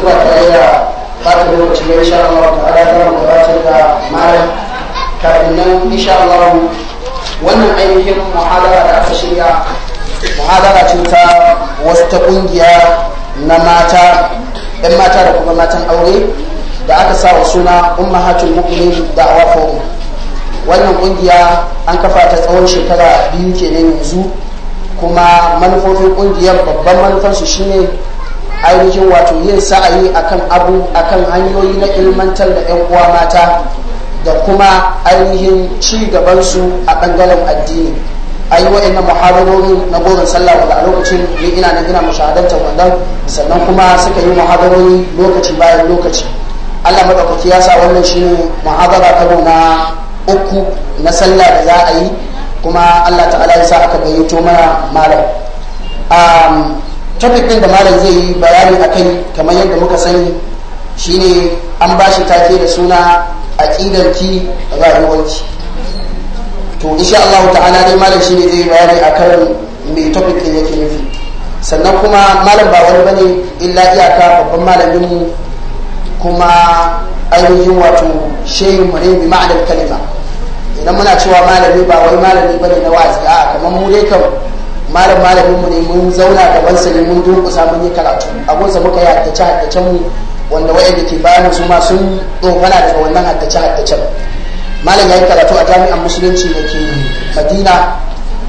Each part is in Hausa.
duk ba tare da ɓata insha Allah ta'ala za mu gabatar da malam kafin nan insha Allah wannan ainihin muhadara da aka shirya muhadara ce ta wasu ta kungiya na mata yan mata da kuma matan aure da aka sa wa suna ummahatul mu'minin da forum wannan kungiya an kafa ta tsawon shekara biyu kenan yanzu kuma manufofin kungiyar babban manufarsu shine ainihin wato yin sa'ayi akan abu akan hanyoyi na ilmantar da 'yan uwa mata da kuma ainihin ci gabansu a ɓangaren addini a yi na muhadarorin na goron sallah wanda a lokacin ni ina nan gina mushahadantar wanda sannan kuma suka yi muhadarori lokaci bayan lokaci allah maɗaukaki ya sa wannan shi ne muhabara karo na uku na sallah da za a yi kuma allah ta'ala ya sa aka gayyato mana malam topic ɗin da malam zai yi bayani a kai kamar yadda muka sani shine an ba shi take da suna aƙidanki rayuwanci to insha Allah ta'ala dai malam shine zai yi bayani akan me topic ɗin yake nufi sannan kuma malam ba wani bane illa iyaka babban malamin mu kuma ainihin wato shehu mu ne bi ma'anar kalima idan muna cewa malami ba wai malami bane na wa'azi a kamar mu dai kawai malam malamin mu ne mun zauna da sa ne mun durkusa mun yi karatu a gonsa muka yi haddace haddacen mu wanda wayanda ke bayan su ma sun tsofana daga wannan haddace haddacen malam ya yi karatu a jami'an musulunci da ke madina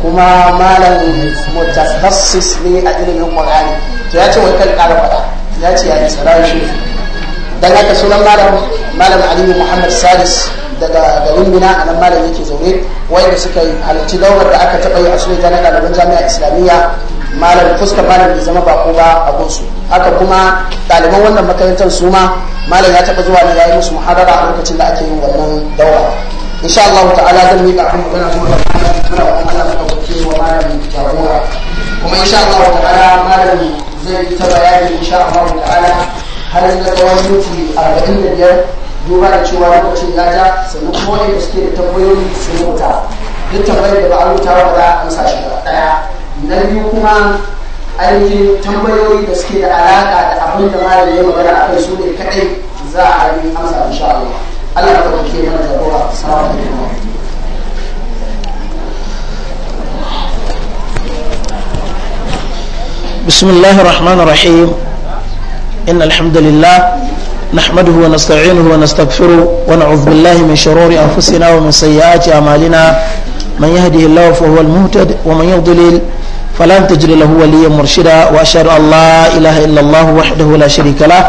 kuma malam mutakassis ne a ilimin qur'ani to ya ce wai kan ƙara faɗa ya ce ya yi sarari dan haka sunan malam malam aliyu muhammad salis daga garin mina a nan malam yake zaune wanda suka halarci daular da aka taɓa yi a suleja na ɗaliban jami'a islamiyya malam fuska malam bai zama bako ba a gunsu haka kuma ɗaliban wannan makarantar su ma malam ya taɓa zuwa ne ya yi musu muhadara a lokacin da ake yin wannan daura insha Allah ta'ala zan miƙa kan magana kuma da kuma da Allah ka wuce wa malam jagora kuma insha Allah ta'ala malam zai ta bayani insha Allah ta'ala har na tsawon minti arba'in da biyar duba da cewa lokacin ya ja sannan kuma wanda suke da tambayoyi su rubuta duk tambayar da ba a rubuta ba za a amsa shi ba ɗaya na biyu kuma ainihin tambayoyi da suke da alaƙa da abin da malam ya magana a kai su ne kaɗai za a yi amsa insha Allah Allah ya ɗauke mana jagora salamu alaikum بسم الله الرحمن الرحيم إن الحمد لله نحمده ونستعينه ونستغفره ونعوذ بالله من شرور أنفسنا ومن سيئات أعمالنا من يهده الله فهو المهتد ومن يضلل فلن تجد له وليا مرشدا وأشهد أن لا إله إلا الله وحده لا شريك له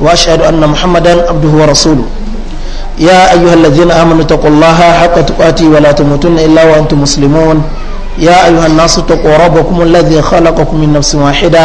وأشهد أن محمدا عبده ورسوله يا أيها الذين آمنوا اتقوا الله حق تقاته ولا تموتن إلا وأنتم مسلمون يا أيها الناس اتقوا ربكم الذي خلقكم من نفس واحدة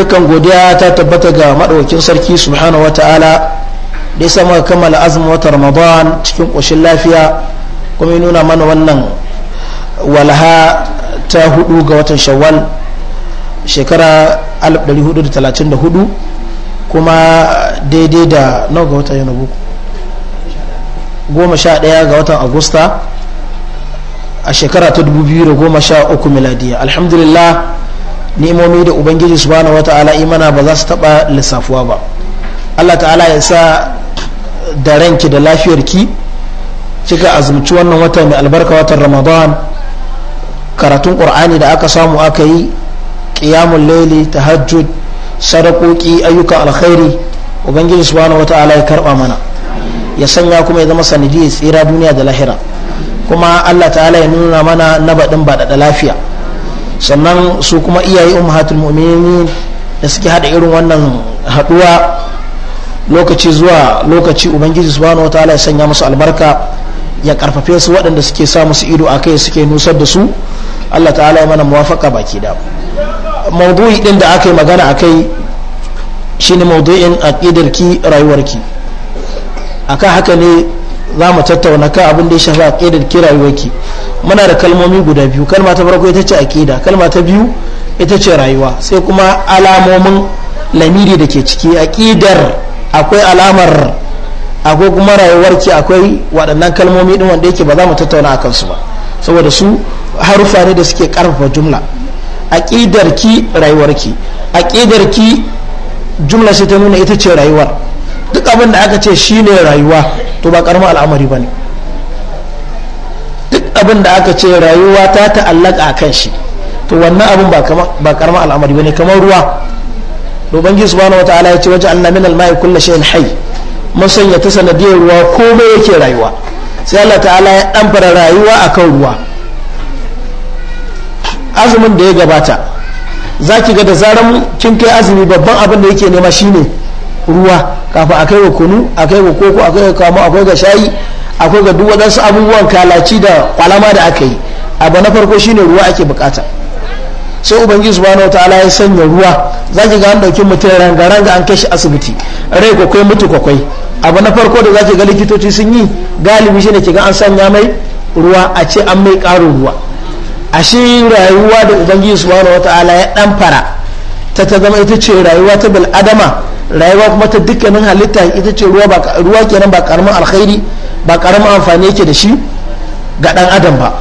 dukan godiya ta tabbata ga maɗaukin sarki subhanahu wata'ala da ya sama kammala azumin wata ramadan cikin ƙoshin lafiya kuma ya nuna mana wannan walha ta hudu ga watan shawwal shekara 1434 kuma daidai da nawa ga watan yanabu goma sha ɗaya ga watan agusta a shekara ta 2013 miladiya alhamdulillah ni'imomi da ubangiji subhanahu wata'ala imana ba za su taba lissafuwa ba Allah ta'ala ya sa da ranki da lafiyarki kika azumci wannan wata mai albarka watan ramadan karatun qur'ani da aka samu aka yi qiyamul ta tahajjud sadakoki ayyukan alkhairi ubangiji subhanahu wata'ala ya karba mana ya sanya kuma ya zama sanadiyar tsira duniya da lahira kuma Allah ta'ala ya nuna mana na baɗin baɗaɗa lafiya sannan su kuma iyaye ummahatul mu'minin da suke hada irin wannan haduwa lokaci zuwa lokaci ubangiji subhanahu wataala ya sanya musu albarka ya karfafe su waɗanda suke sa musu ido akai suke nusar da su Allah ta'ala ya mana muwafaka baki da maudu'i din da aka yi magana akai shine maudu'in aqidarki rayuwarki akan haka ne za mu tattauna kai abin da ya shafi aqidarki rayuwarki muna da kalmomi guda biyu kalma ta farko ita ce aqida kalma ta biyu ita ce rayuwa sai kuma alamomin lamiri da ke ciki ƙidar akwai alamar akwai kuma rayuwar ki akwai waɗannan kalmomi ɗin wanda yake ba za mu tattauna a kansu ba saboda su harufa ne da suke karfafa jumla ki rayuwar ki rayuwarki ki jumla sai ta nuna ita ce rayuwar duk abin da aka ce shine rayuwa to ba ƙaramin al'amari bane ne abin da aka ce rayuwa ta ta'allaka a kan shi to wannan abin ba karamar al'amari ba ne kamar ruwa ba na wata ala ya ce waje Allah min al-ma'i kullu shay'in masan ya ta sanadiyar ruwa komai yake rayuwa sai Allah ala ya fara rayuwa a kan ruwa azumin da ya gabata za ki ga da zarar kin kai azumi babban abin da yake nema ne ruwa kafin a kai wa kunu a kai wa koko a kai wa kamu akwai ga shayi akwai ga duk su abubuwan kalaci da kwalama da aka yi abu na farko shine ruwa ake bukata sai ubangiji subhanahu wataala ya sanya ruwa zaki ga an dauki mutum ranga ranga an kai asibiti rai kwakwai mutu kwakwai abu na farko da zaki ga likitoci sun yi galibi shine kiga an sanya mai ruwa a ce an mai karin ruwa shi rayuwa da ubangiji subhanahu wataala ya ɗan fara ta ta zama ita ce rayuwa ta bil adama rayuwa kuma ta dukkanin halitta ita ce ruwa kenan ba karamin alkhairi ba karamin amfani yake da shi ga dan adam ba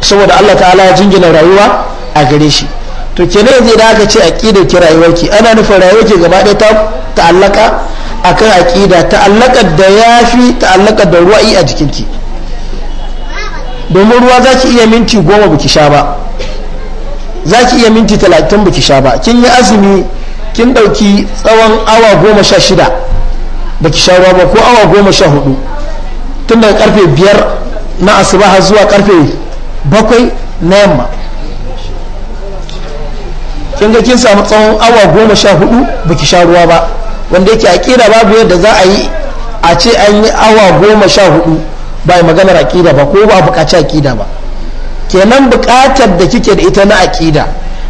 saboda Allah ta'ala ya jingina rayuwa a gare shi to kenan yanzu da aka ce aqidar ki rayuwarki ana nufin rayuwarki gaba ɗaya ta ta'allaka akan aqida ta'allakar da yafi ta'allakar da ruwa'i a jikinki domin ruwa za ki iya minti goma biki sha ba za ki iya minti talatin biki sha ba kin yi azumi kin ɗauki tsawon awa goma sha shida baki sha ruwa ba ko awa goma sha hudu tun daga karfe biyar na asuba har zuwa karfe bakwai na yamma kin ga kin samu tsawon awa goma sha hudu baki sha ruwa ba wanda yake aƙida babu yadda za a yi a ce an yi awa goma sha hudu ba yi maganar aƙida ba ko ba a buƙaci aƙida ba kenan buƙatar da kike da ita na aƙida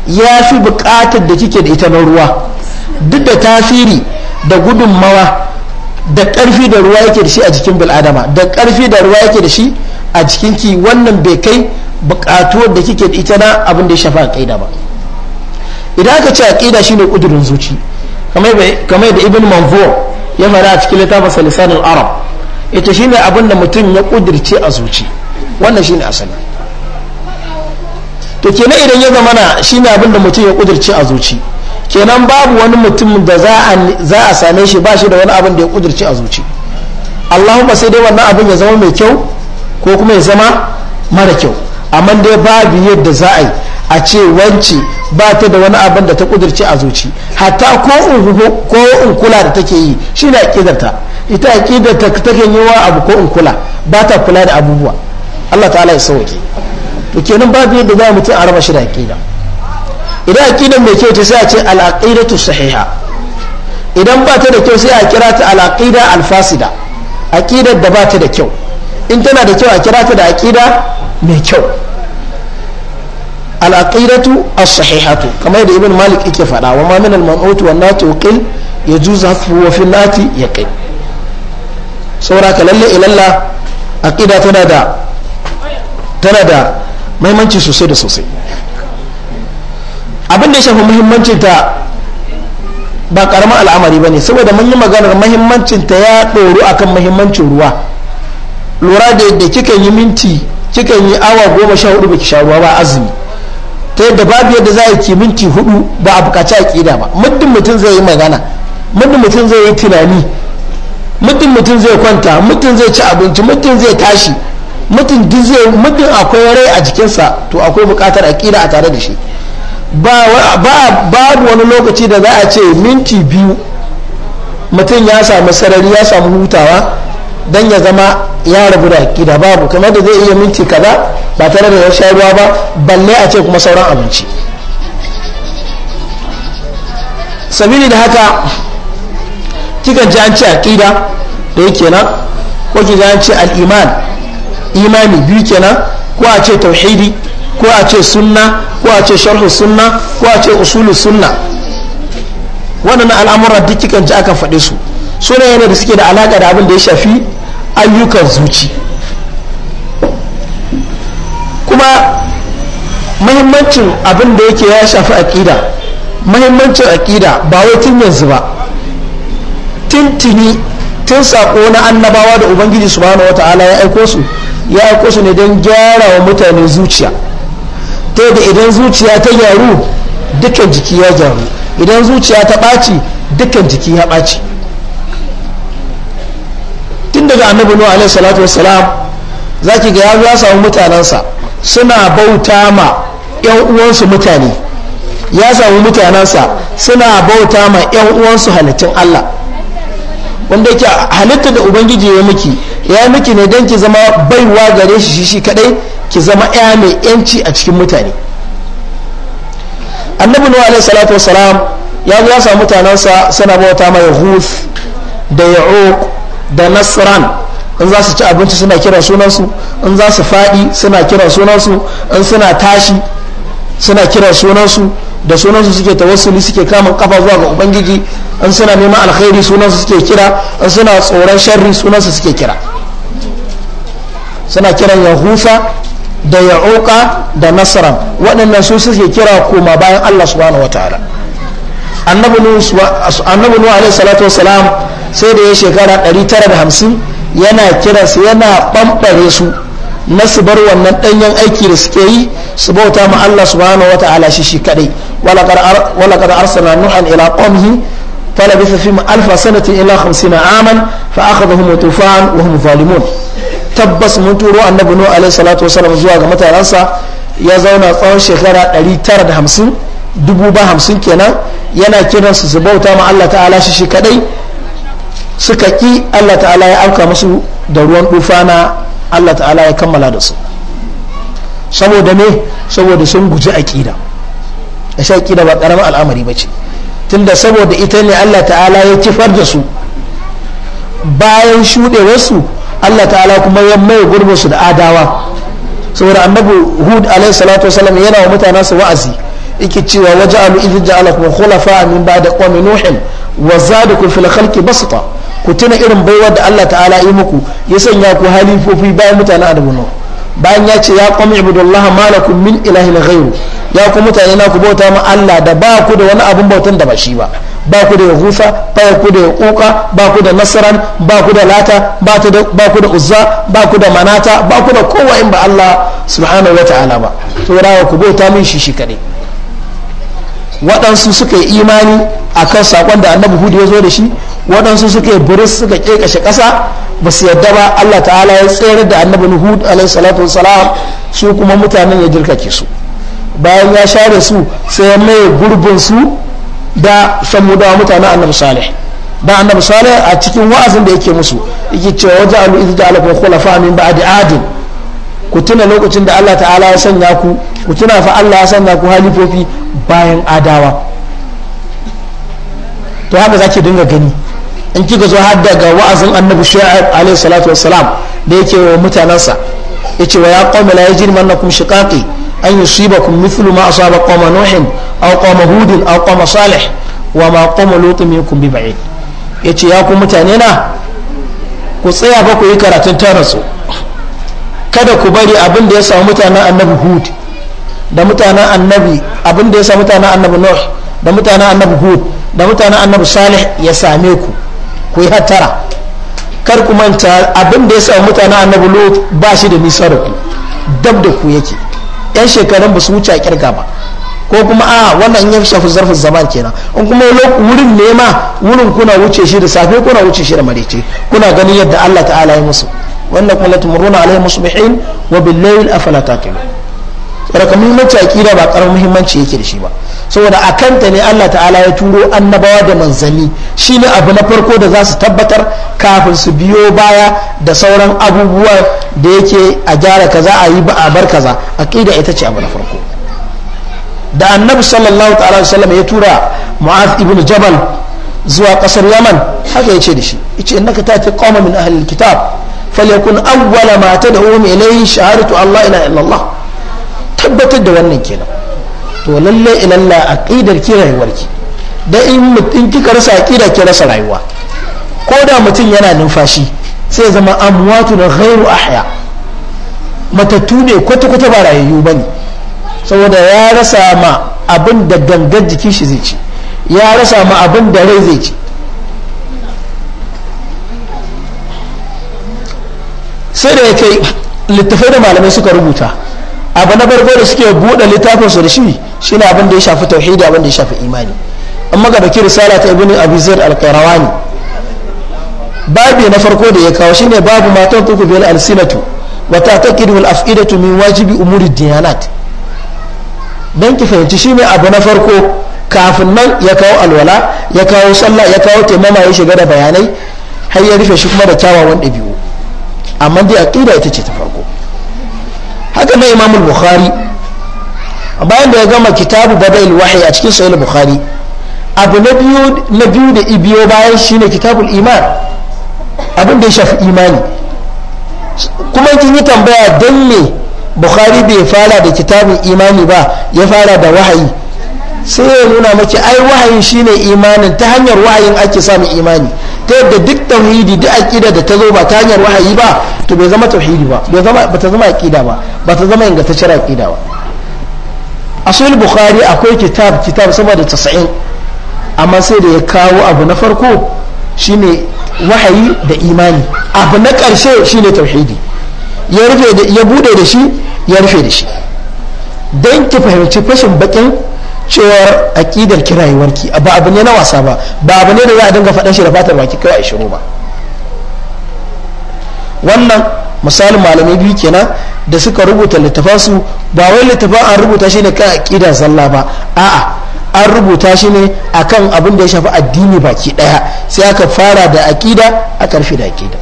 ya fi buƙatar da kike da ita na ruwa duk da tasiri da gudunmawa da ƙarfi da ruwa yake da shi a jikin bil'adama da ƙarfi da ruwa yake da shi a jikin ki wannan bai kai buƙatuwar da kike da ita na abin da ya shafa kaida ba idan aka ce aƙida shine kudurin zuci kamar da ibn manzo ya fara a cikin littafin salisan arab ita shine abin da mutum ya ƙudurce a zuci wannan shine asali to kenan idan ya zamana shine abin da mutum ya ƙudurce a zuci kenan babu wani mutum da za a same shi ba shi da wani abin da ya kudurci a zuci allahumma sai dai wannan abin ya zama mai kyau ko kuma ya zama mara kyau amma dai babu yadda za a yi a ce wance ba ta da wani abin da ta kudurci a zuci hatta ko in kula da take yi shi ne aƙidarta ita ta ke yi wa abu ko in kula ba ta kula da abubuwa allah ta'ala ya sauke to kenan babu yadda za a mutum a raba shi da aƙida idan aqidan mai kyau ce sai a ce al-aqidatu sahiha idan ba ta da kyau sai a kira ta al-aqida al-fasida aqidar da ba ta da kyau in tana da kyau a kira ta da aqida mai kyau al-aqidatu as-sahihatu kamar da ibn malik yake faɗa wa ma min al-mam'ut wa nati uqil yajuzu hafu wa fi nati yaqil saboda lalle ilalla aqida tana da tana da maimanci sosai da sosai abinda da ya shafi muhimmancin ta ba karamin al'amari ba ne saboda mun yi maganar muhimmancin ta ya ɗoru akan muhimmancin ruwa lura da yadda kika yi minti kika yi awa goma sha hudu baki sha ruwa ba azumi ta yadda babu yadda za a ki minti hudu ba a bukaci aƙida ba muddin mutum zai yi magana muddin mutum zai yi tunani muddin mutum zai kwanta muddin zai ci abinci muddin zai tashi mutum muddin akwai rai a jikinsa to akwai bukatar aƙida a tare da shi babu wani lokaci da za a ce minti biyu mutum ya samu sarari ya samu hutawa don ya zama ya rabu da gida babu kamar da zai iya minti kaza ba tare da ya sha ruwa ba balle a ce kuma sauran abinci sabili da haka kika ji an ce aƙida da yake nan ko ki ji an ce al'iman imani biyu kenan ko a ce tauhidi ko a ce sunna ko a ce sharhu sunna ko a ce usulu sunna waɗannan al'amura duk kikan ji aka faɗi su suna yana da suke da alaƙa da abin da ya shafi ayyukan zuci kuma muhimmancin abin da yake ya shafi aƙida muhimmancin aƙida ba wai tun yanzu ba tintini tun sako na annabawa da ubangiji subhanahu wata'ala ya aiko su ya aiko su ne don gyara wa mutane zuciya ta yadda idan zuciya ta gyaru dukkan jiki ya gyaru idan zuciya ta ɓaci dukkan jiki ya ɓaci tun daga annabi nuhu alaihi salatu wassalam za ki ga ya samu mutanensa suna bauta ma yan uwansu mutane ya samu mutanensa suna bauta ma yan uwansu halittun Allah wanda yake halitta da ubangiji ya miki ya miki ne don ki zama baiwa gare shi shi kadai ki zama ya mai yanci a cikin mutane annabi nuwa alaihi salatu wasalam ya zo ya samu mutanensa suna bauta mai hus da ya'uq da nasran in za su ci abinci suna kira sunansu in za su faɗi suna kira sunansu in suna tashi suna kira sunansu da sunansu suke tawassuli suke kama kafa zuwa ga ubangiji in suna neman alkhairi sunansu suke kira in suna tsoron sharri sunansu suke kira suna kiran yahusa da ya'uqa da nasran waɗannan su suke kira koma bayan Allah subhanahu wataala annabi nuhu annabi nuhu alaihi salatu wasalam sai da ya shekara 950 yana kira su yana bambare su na su bar wannan danyen aiki da suke yi su bauta ma Allah subhanahu wataala shi shi kadai wala qad arsalna nuhan ila qaumihi فلبث فيهم ألف سنة إلى خمسين عاما tufan الطوفان وهم ظالمون tabbas mun turo annabi nuhu alaihi salatu wasallam zuwa ga mutanensa ya zauna tsawon shekara 950 dubu ba hamsin kenan yana kiran su bauta ma Allah ta'ala shi shi kadai suka ki Allah ta'ala ya auka musu da ruwan na Allah ta'ala ya kammala da su saboda ne saboda sun guji aƙida a sha aqida ba ƙaramin al'amari bace tunda saboda ita ne Allah ta'ala ya kifar da su bayan shuɗewarsu Allah ta'ala kuma ya mai gurbin su da adawa saboda annabi hud alaihi salatu wasallam yana wa mutanen su wa'azi yake cewa waje alu idh ja'alakum khulafa min ba'da qawmi nuhin wa zadakum fil khalqi basata ku tuna irin baiwar da Allah ta'ala yi muku ya sanya ku halifofi bayan mutanen adamu nuh bayan ya ce ya qawmi ibudullah malakum min ilahin ghayru ya ku mutane na ku bauta ma Allah da ba ku da wani abun bautan da ba shi ba ba ku da yahusa ba ku da yahuka ba ku da nasaran, ba ku da lata ba ku da uzza ba ku da manata ba ku da kowa in ba Allah subhanahu ta'ala ba to saboda ku bauta min shi shi kadai waɗansu suka yi imani a kan saƙon da annabi hudu ya zo da shi waɗansu suka yi buris suka ƙeƙashe ƙasa ba su yadda ba allah ta'ala ya tsere da annabi hud alaihi salatu wasalam su kuma mutanen ya jirkake su bayan ya share su sai ya maye gurbin su da da mutane annabi salih da annabi salih a cikin wa'azin da yake musu yake cewa waje alu idh ja'alakum khulafa min ba'di adin ku tuna lokacin da Allah ta'ala ya sanya ku ku tuna fa Allah ya sanya ku halifofi bayan adawa to haka zaki dinga gani in kika zo har daga wa'azin annabi shu'aib alaihi salatu wassalam da yake wa mutanansa yace wa ya qaumi la yajrimannakum shiqaqi أن يصيبكم مثل ما أصاب قوم نوح أو قوم هود أو قوم صالح وما قوم لوط منكم ببعيد يتي ياكم متانينا كسيا na يكرا تنترسو kada ku bari abin da ya samu mutanen annabi hud da mutanen annabi abin da ya samu mutanen annabi nuh da mutanen annabi hud da mutanen annabi salih ya same ku ku yi hattara kar ku manta abin da ya samu mutanen annabi lut ba shi da nisa da ku dab da ku yake yan shekarun ba su wuce a kirga ba ko kuma a wannan ya shafi zarfin zaman kenan in kuma wurin nema wurin kuna wuce shi da safe kuna wuce shi da marece kuna ganin yadda Allah ta'ala ya musu wannan kuma latumuruna alaihi musbihin wa bil layl afala taqilun rakamin mace aqida ba karamin muhimmanci yake da shi ba saboda a kanta ne Allah ta'ala ya turo annabawa da manzanni shine abu na farko da za su tabbatar kafin su biyo baya da sauran abubuwa da yake a gyara kaza a yi ba a bar kaza aqida ita ce abu na farko da annabi sallallahu ta'ala wasallam ya tura mu'az ibn jabal zuwa kasar yaman haka ya ce da shi yace innaka ta'ti qawman min ahli alkitab falyakun awwala ma tad'uhum ilayhi shahadatu allah ila illallah tabbatar da wannan kenan to lalle ilalla aqidar ki rayuwar ki da in mutum kika rasa aqida ki rasa rayuwa ko da mutum yana numfashi sai zama amwatu na ghairu ahya matattu ne kwata kwata ba rayayyu bane saboda ya rasa ma abin da gangan jikin shi zai ci ya rasa ma abin da rai zai ci sai da ya kai littafai da malamai suka rubuta abu na farko da suke buɗe littafin su da shi shine abin da ya shafi tauhidi abin da ya shafi imani amma ga baki risala ta ibnu abi zaid al-qarawani babi na farko da ya kawo shine babu matan tuku bil al-sinatu wa ta'taqidu al-af'idatu min wajibi umuri diyanat dan ki fahimci shine abu na farko kafin nan ya kawo alwala ya kawo sallah ya kawo taimama ya shiga da bayanai har ya rufe shi kuma da kyawawan ɗabi'u amma dai aqida ita ce ta farko haka na imamul bukhari bayan da ya gama kitabu bada'il wahyi a cikin sahih bukhari abu na biyu da ibiyo bayan shine kitabul iman abin da ya shafi imani kuma kin yi tambaya don me bukhari bai fara da kitabun imani ba ya fara da wahayi sai ya nuna maki ai wahayin shine imanin ta hanyar wahayin ake samun imani ta yadda duk tauhidi duk aƙida da ta zo ba ta hanyar wahayi ba to bai zama tauhidi ba ba ta zama aƙida ba ba ta zama ingantacciyar aƙida ba a sahih bukhari akwai kitab kitab sama da 90 amma sai da ya kawo abu na farko shine wahayi da imani abu na karshe shine tauhidi ya rufe ya bude da shi ya rufe da shi don ki fahimci fashin bakin cewar aƙidar ki ba abu ne na wasa ba ba abu ne da za a dinga faɗan shi da fatar baki kawai a shiru ba wannan misalin malamai biyu kenan da suka rubuta littafan su ba wai littafan an rubuta shi ne kan aƙidar zalla ba a'a an rubuta shi ne akan abin da ya shafi addini baki daya sai aka fara da aƙida a karfi da aƙida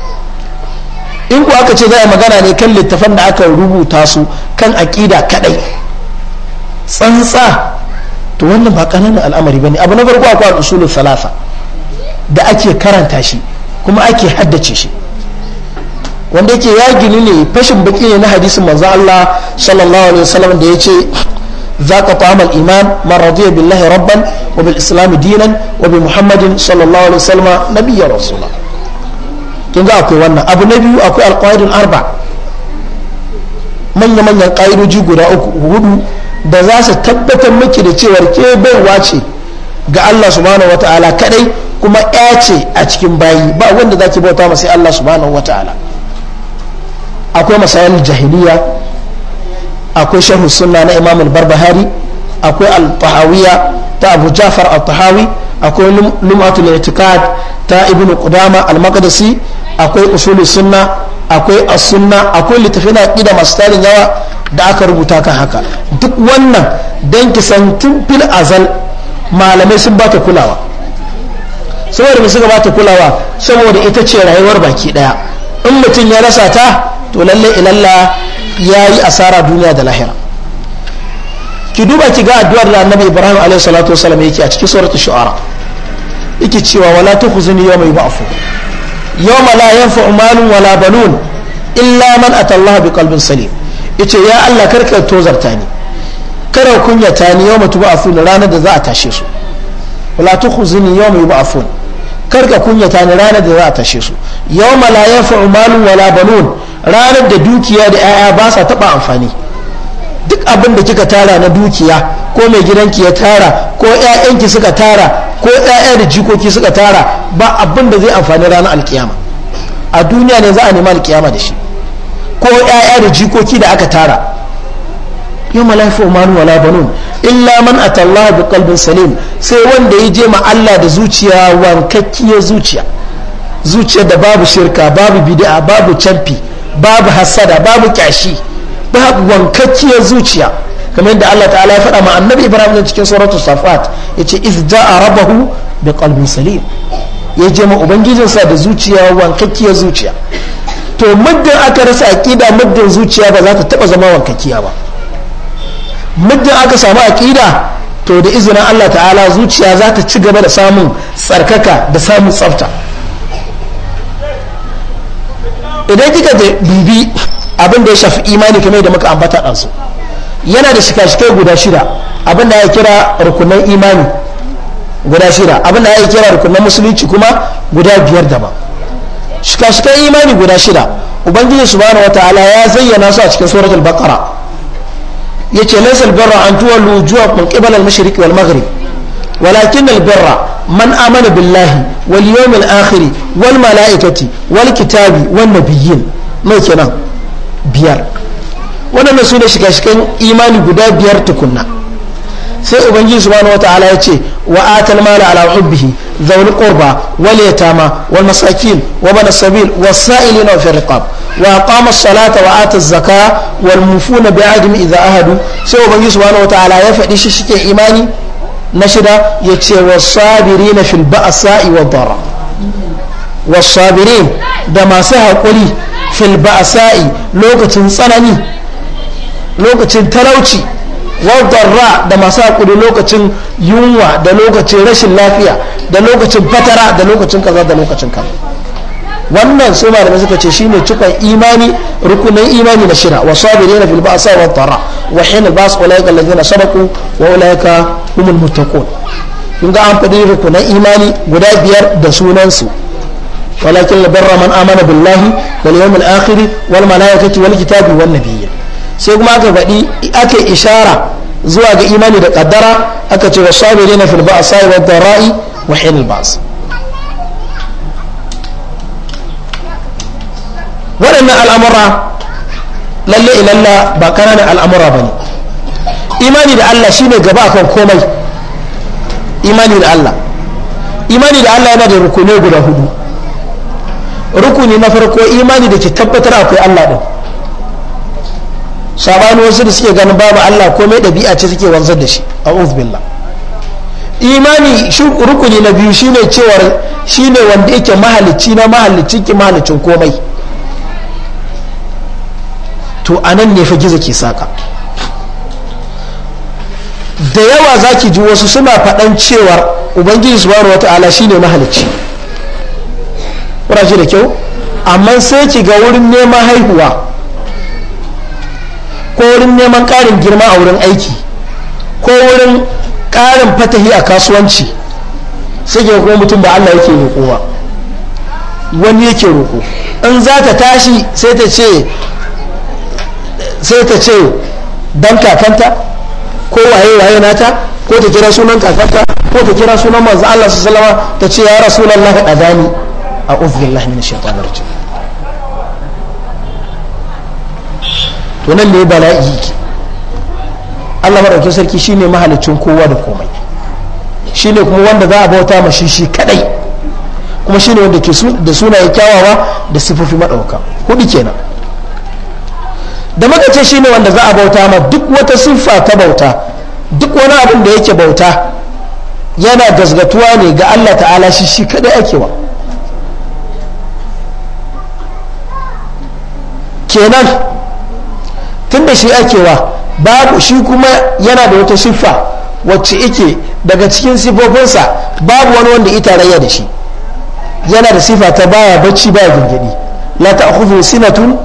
in ku aka ce za a magana ne kan littafan da aka rubuta su kan aƙida kaɗai tsantsa to wannan ba ƙananan al'amari ba ne abu na farko akwai al'usulul salasa da ake karanta shi kuma ake haddace shi wanda yake ya gini ne fashin baki ne na hadisin manzo Allah sallallahu alaihi wasallam da yace zaka ta'am al-iman man radiya billahi rabban wa bil islam dinan wa bi muhammadin sallallahu alaihi wasallam nabiyya rasula kin ga akwai wannan abu na biyu akwai al arba manya manyan qaidoji guda uku hudu da za su tabbatar miki da cewar ke baiwa ce ga Allah subhanahu wataala kadai kuma ya ce a cikin bayi ba wanda za ki bauta sai Allah subhanahu wataala akwai masayar jahiliya akwai shahu sunna na imam al-barbahari akwai al-tahawiya ta abu jafar al-tahawi akwai lum'atul i'tiqad ta ibnu qudama al-maqdisi akwai usuli sunna akwai as-sunna akwai littafin aqida masu tarin yawa da aka rubuta kan haka duk wannan don ki san tun fil azal malamai sun bata kulawa saboda mu suka bata kulawa saboda ita ce rayuwar baki daya in mutum ya rasa ta to lalle ilalla ya yi asara duniya da lahira ki duba ki ga addu'ar da annabi ibrahim alaihi salatu wasallam yake a cikin suratul shu'ara yake cewa wala tukhzuni yawma yub'afu yawma la yanfa'u malun wala banun illa man atallaha biqalbin salim yace ya Allah karka tozarta ni kada kunyata ni yawma tub'athun ranar da za a tashe su wala tukhzini yawma yub'athun karka kunyata ni ranar da za a tashe su yawma la yanfa'u malun wala banun ranar da dukiya da 'ya'ya ba sa taba amfani duk abin da kika tara na dukiya ko mai gidanki ya tara ko 'ya'yanki suka tara ko 'ya'ya da jikoki suka tara ba abin da zai amfani ranar alkiyama a duniya ne za a nemi alkiyama da shi ko 'ya'ya da jikoki da aka tara Yau ma yafu wala banun illa man atallaha bi kalbin salim sai wanda ya je ma Allah da zuciya wankakkiyar zuciya zuciya da babu shirka babu bid'a babu camfi babu hasada babu kyashi babu wankakkiyar zuciya kamar yadda Allah ta'ala ya faɗa ma annabi Ibrahim da cikin suratul safat ce iz ja'a rabbahu bi qalbin salim ya je ma ubangijinsa da zuciya wankakkiyar zuciya to muddin aka rasa aƙida muddin zuciya ba za ta taɓa zama wankakiya ba muddin aka samu aƙida to da izinin Allah ta'ala zuciya za ta ci gaba da samun tsarkaka da samun tsafta idan kika da bibi abin da ya shafi imani kamar da muka ambata ɗansu yana da shika-shikai guda shida abin da ya kira rukunan imani guda shida abin da ya kira rukunan musulunci kuma guda biyar daban Shike shikan imani guda shida ubangiji subhanahu wataala ya zayyana su a cikin suratul baqara yace laysa albirra an tuwallu wujuhakum qibala al-mashriq wal maghrib walakin albirra man amana billahi wal yawmil akhir wal malaikati wal kitabi wan nabiyyin mai kenan biyar waɗannan su ne shike shiken imani guda biyar tukunna sai ubangiji subhanahu wataala ya ce wa atal mala ala hubbihi zawul qurba wal yatama wal masakin wa bana sabil was sa'ilina fi riqab wa aqama as-salata wa ata az-zaka wal mufuna bi ahdihi idha ahadu sai ubangiji subhanahu wataala ya faɗi shi shike imani na shida ya ce was sabirina fil ba'sa'i wad dara sabirin da masu haƙuri fil ba'sa'i lokacin tsanani lokacin talauci wadarra da masu hakuri lokacin yunwa da lokacin rashin lafiya da lokacin fatara da lokacin kaza da lokacin kaza wannan sai da suka ce shine cikon imani rukunin imani na shira wa sabirina fil ba'sa wa dharra wa hina bas ulaika alladhina sabaqu wa ulaika humul muttaqun kun ga an faɗi rukunan imani guda biyar da sunan su walakin barra man amana billahi wal yawmil akhir wal malaikati wal kitabi wan nabiyyin sai kuma aka faɗi aka ishara zuwa ga imani da kaddara aka ce wa sabiri na filba a sa'i wa dara'i wa hinil bas waɗannan al'amura lalle ilalla ba ƙananan al'amura ba ne imani da Allah shi ne gaba kan komai imani da Allah imani da Allah yana da rukunai guda hudu rukuni na farko imani da ke tabbatar akwai Allah ɗin sabani wasu da suke ganin babu Allah ko mai ɗabi'a ce suke wanzar da shi a uzbillah imani rukuni na biyu shine cewar shine wanda yake mahalicci na mahalicci ki mahalicin komai to a nan ne fa gizo ke saka da yawa za ki ji wasu suna faɗan cewar ubangiji subhanahu wata'ala shine mahalicci ƙurashi da kyau amma sai ki ga wurin neman haihuwa ko wurin neman ƙarin girma a wurin aiki ko wurin ƙarin fatahi a kasuwanci sai ke kuma mutum ba Allah yake roƙo ba wani yake roƙo in za ta tashi sai ta ce sai ta ce dan kakanta ko waye waye nata ko ta kira sunan kakanta ko ta kira sunan manzo Allah sallallahu alaihi wasallam ta ce ya rasulullahi adani a'udhu billahi minash shaitanir rajim to nan ne bala'i ke Allah maɗauki sarki shine mahalicin kowa da komai shine kuma wanda za a bauta ma shi shi kadai kuma shine wanda ke da sunaye kyawawa da sifofi maɗauka hudu kenan da muka ce shine wanda za a bauta ma duk wata siffa ta bauta duk wani abin da yake bauta yana gasgatuwa ne ga Allah ta'ala shi shi kadai wa kenan tun da shi akewa babu shi kuma yana da wata siffa wacce ike daga cikin sifofinsa babu wani wanda ita tarayya da shi yana da sifa ta baya bacci baya gingidi la ta'khudhu sinatun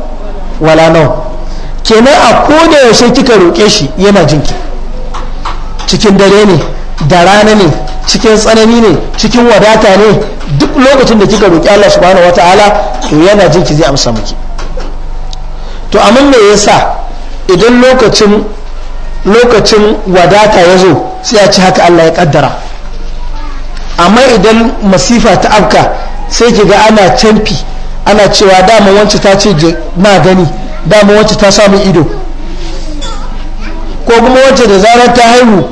wala nawm kenan a koda yaushe kika roke shi yana jinki cikin dare ne da rana ne cikin tsanani ne cikin wadata ne duk lokacin da kika roki Allah subhanahu wataala to yana jinki zai amsa miki to amma me yasa idan lokacin wadata ya zo sai ya ci haka Allah ya kaddara amma idan masifa ta afka sai ki ga ana canfi ana cewa dama wacce ta ce gani dama wacce ta samu ido ko kuma wacce da zarar ta haihu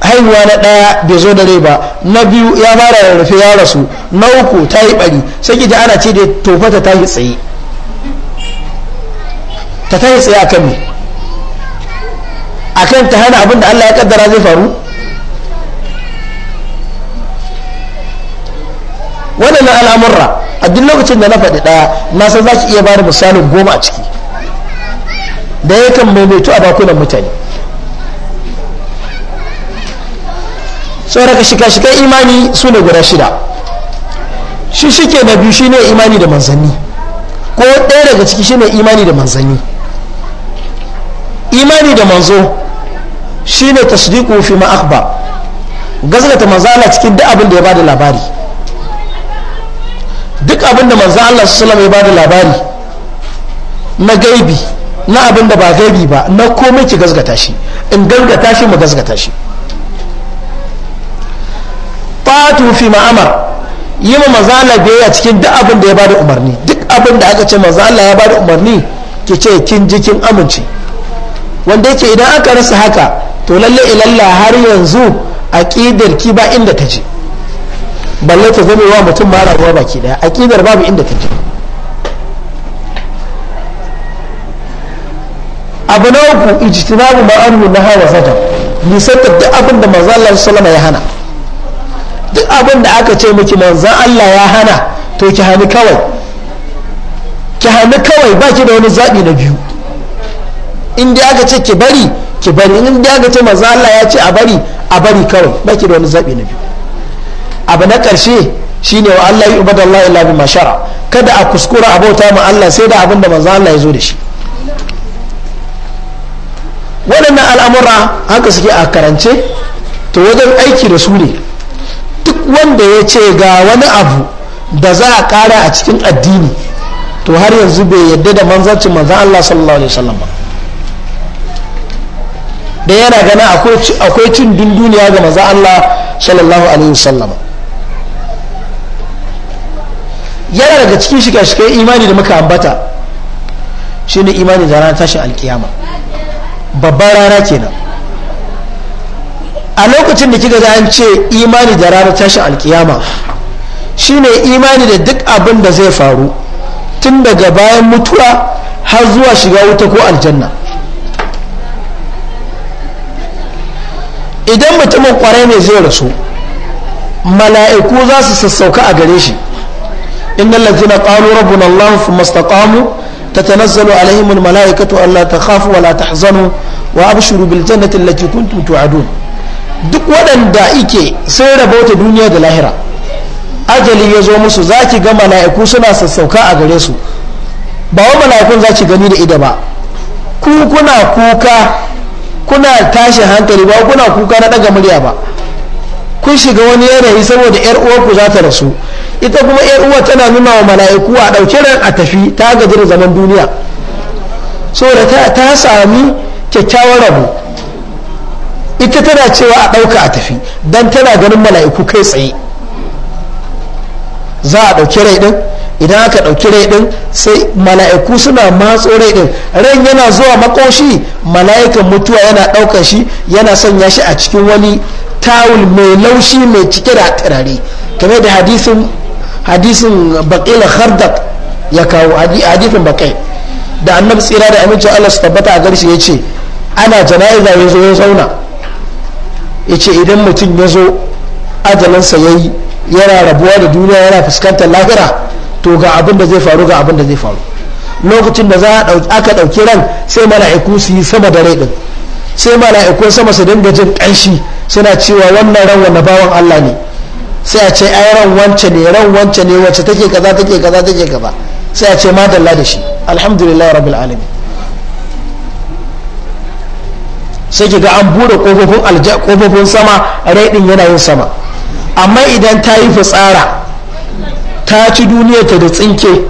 haihuwa na ɗaya bai zo da rai ba na biyu ya fara rarrafe ya rasu na uku ta yi ɓari sai ki ga ana ce da tofata ta yi tsaye ta ta yi tsaye a kan a kan ta hana abin da Allah ya kaddara zai faru waɗannan al'amurra a duk lokacin da na faɗi ɗaya na san za ki iya bada misalin goma a ciki da ya kan maimaito a bakunan mutane tsoraka shika-shikan imani su ne guda shida shi shike na biyu shine imani da manzanni ko ɗaya daga ciki shine imani da manzanni imani da manzo Shi shine tasdiqu fi ma akhbar gazgata manzo Allah cikin duk abin da ya bada labari duk abin da manzo Allah sallallahu alaihi wasallam ya bada labari na gaibi na abin da ba gaibi ba na komai ki gazgata shi in gazgata shi mu gazgata shi fatu fi ma'amar yi ma manzo Allah biyayya cikin duk abin da ya bada umarni duk abin da aka ce manzo Allah ya bada umarni ki ce kin ji kin amince wanda yake idan aka rasa haka to lalle ilalla har yanzu aqidar ki ba inda ta je balle ta zama wa mutum ma rayuwa baki daya aqidar babu inda ta je abu na uku ijtinabu ma'amru na hawa zadam nisanta duk abin da manzo Allah sallama ya hana duk abin da aka ce miki manzo Allah ya hana to ki hani kawai ki hani kawai baki da wani zabi na biyu in dai aka ce ki bari ki bari in da ga ce maza Allah ya ce a bari a bari kawai ba ki da wani zabi na biyu abu na karshe shine wa Allah ya ubada Allah illa bi mashara kada a kuskura a bauta ma Allah sai da abin da maza Allah ya zo da shi waɗannan al'amura haka suke a karance to wajen aiki da su ne duk wanda ya ce ga wani abu da za a ƙara a cikin addini to har yanzu bai yadda da manzancin manzan Allah sallallahu alaihi wasallam ba da yana gana akwai cin dunduniya ga maza Allah sallallahu alaihi wasallam yana daga cikin shiga-shigar imani da muka ambata shi ne imani da ranar tashin alkiyama babbar rana kenan a lokacin da kika an ce imani da ranar tashin alkiyama shi ne imani da duk abin da zai faru tun daga bayan mutuwa har zuwa shiga wuta ko aljanna idan mutumin kwarai ne zai rasu mala'iku za su sassauka a gare shi inna allazina qalu rabbuna ta ta istaqamu alaihimin mala'ikatu allah ta khafu wa la hazanu wa abshuru bil jannati allati kuntum tu'adun duk waɗanda ike sun rabauta duniya da lahira ajali ya zo musu za ki ga mala'iku suna sassauka a gare su ba wa mala'ikun za ki gani da ida ba ku kuna kuka kuna tashi hankali ba kuna kuka na daga murya ba kun shiga wani yanayi saboda yar uwarku za ta rasu ita kuma yar uwa tana nuna wa mala'iku a ɗauki ran a tafi ta gaji da zaman duniya saboda ta, ta sami kyakkyawan rabu ita tana cewa a ɗauka a tafi don tana ganin mala'iku kai tsaye za a ɗauki rai ɗin idan aka ɗauki rai ɗin sai mala'iku suna matso rai ɗin rai yana zuwa makoshi mala'ikan mutuwa yana ɗaukar shi yana sanya shi a cikin wani tawul mai laushi mai cike da turare kamar da hadisin hadisin baƙila khardak ya kawo hadisin baƙai da annabi tsira da amincin allah su tabbata a garshi ya ce ana jana'iza ya zo ya zauna ya ce idan mutum ya zo ajalinsa ya yana rabuwa da duniya yana fuskantar lahira to ga abin da zai faru ga abin da zai faru lokacin da za aka ɗauki ran sai mala'iku su yi sama da rai ɗin sai mala'iku sama su dinga jin ƙanshi suna cewa wannan ran wanda bawan Allah ne sai a ce ai ran wance ne ran wance ne wacce take kaza take kaza take kaza sai a ce madalla da shi alhamdulillah rabbil alamin sai ki ga an bude kofofin sama rai ɗin yana yin sama amma idan ta yi fitsara ta ci duniya ta da tsinke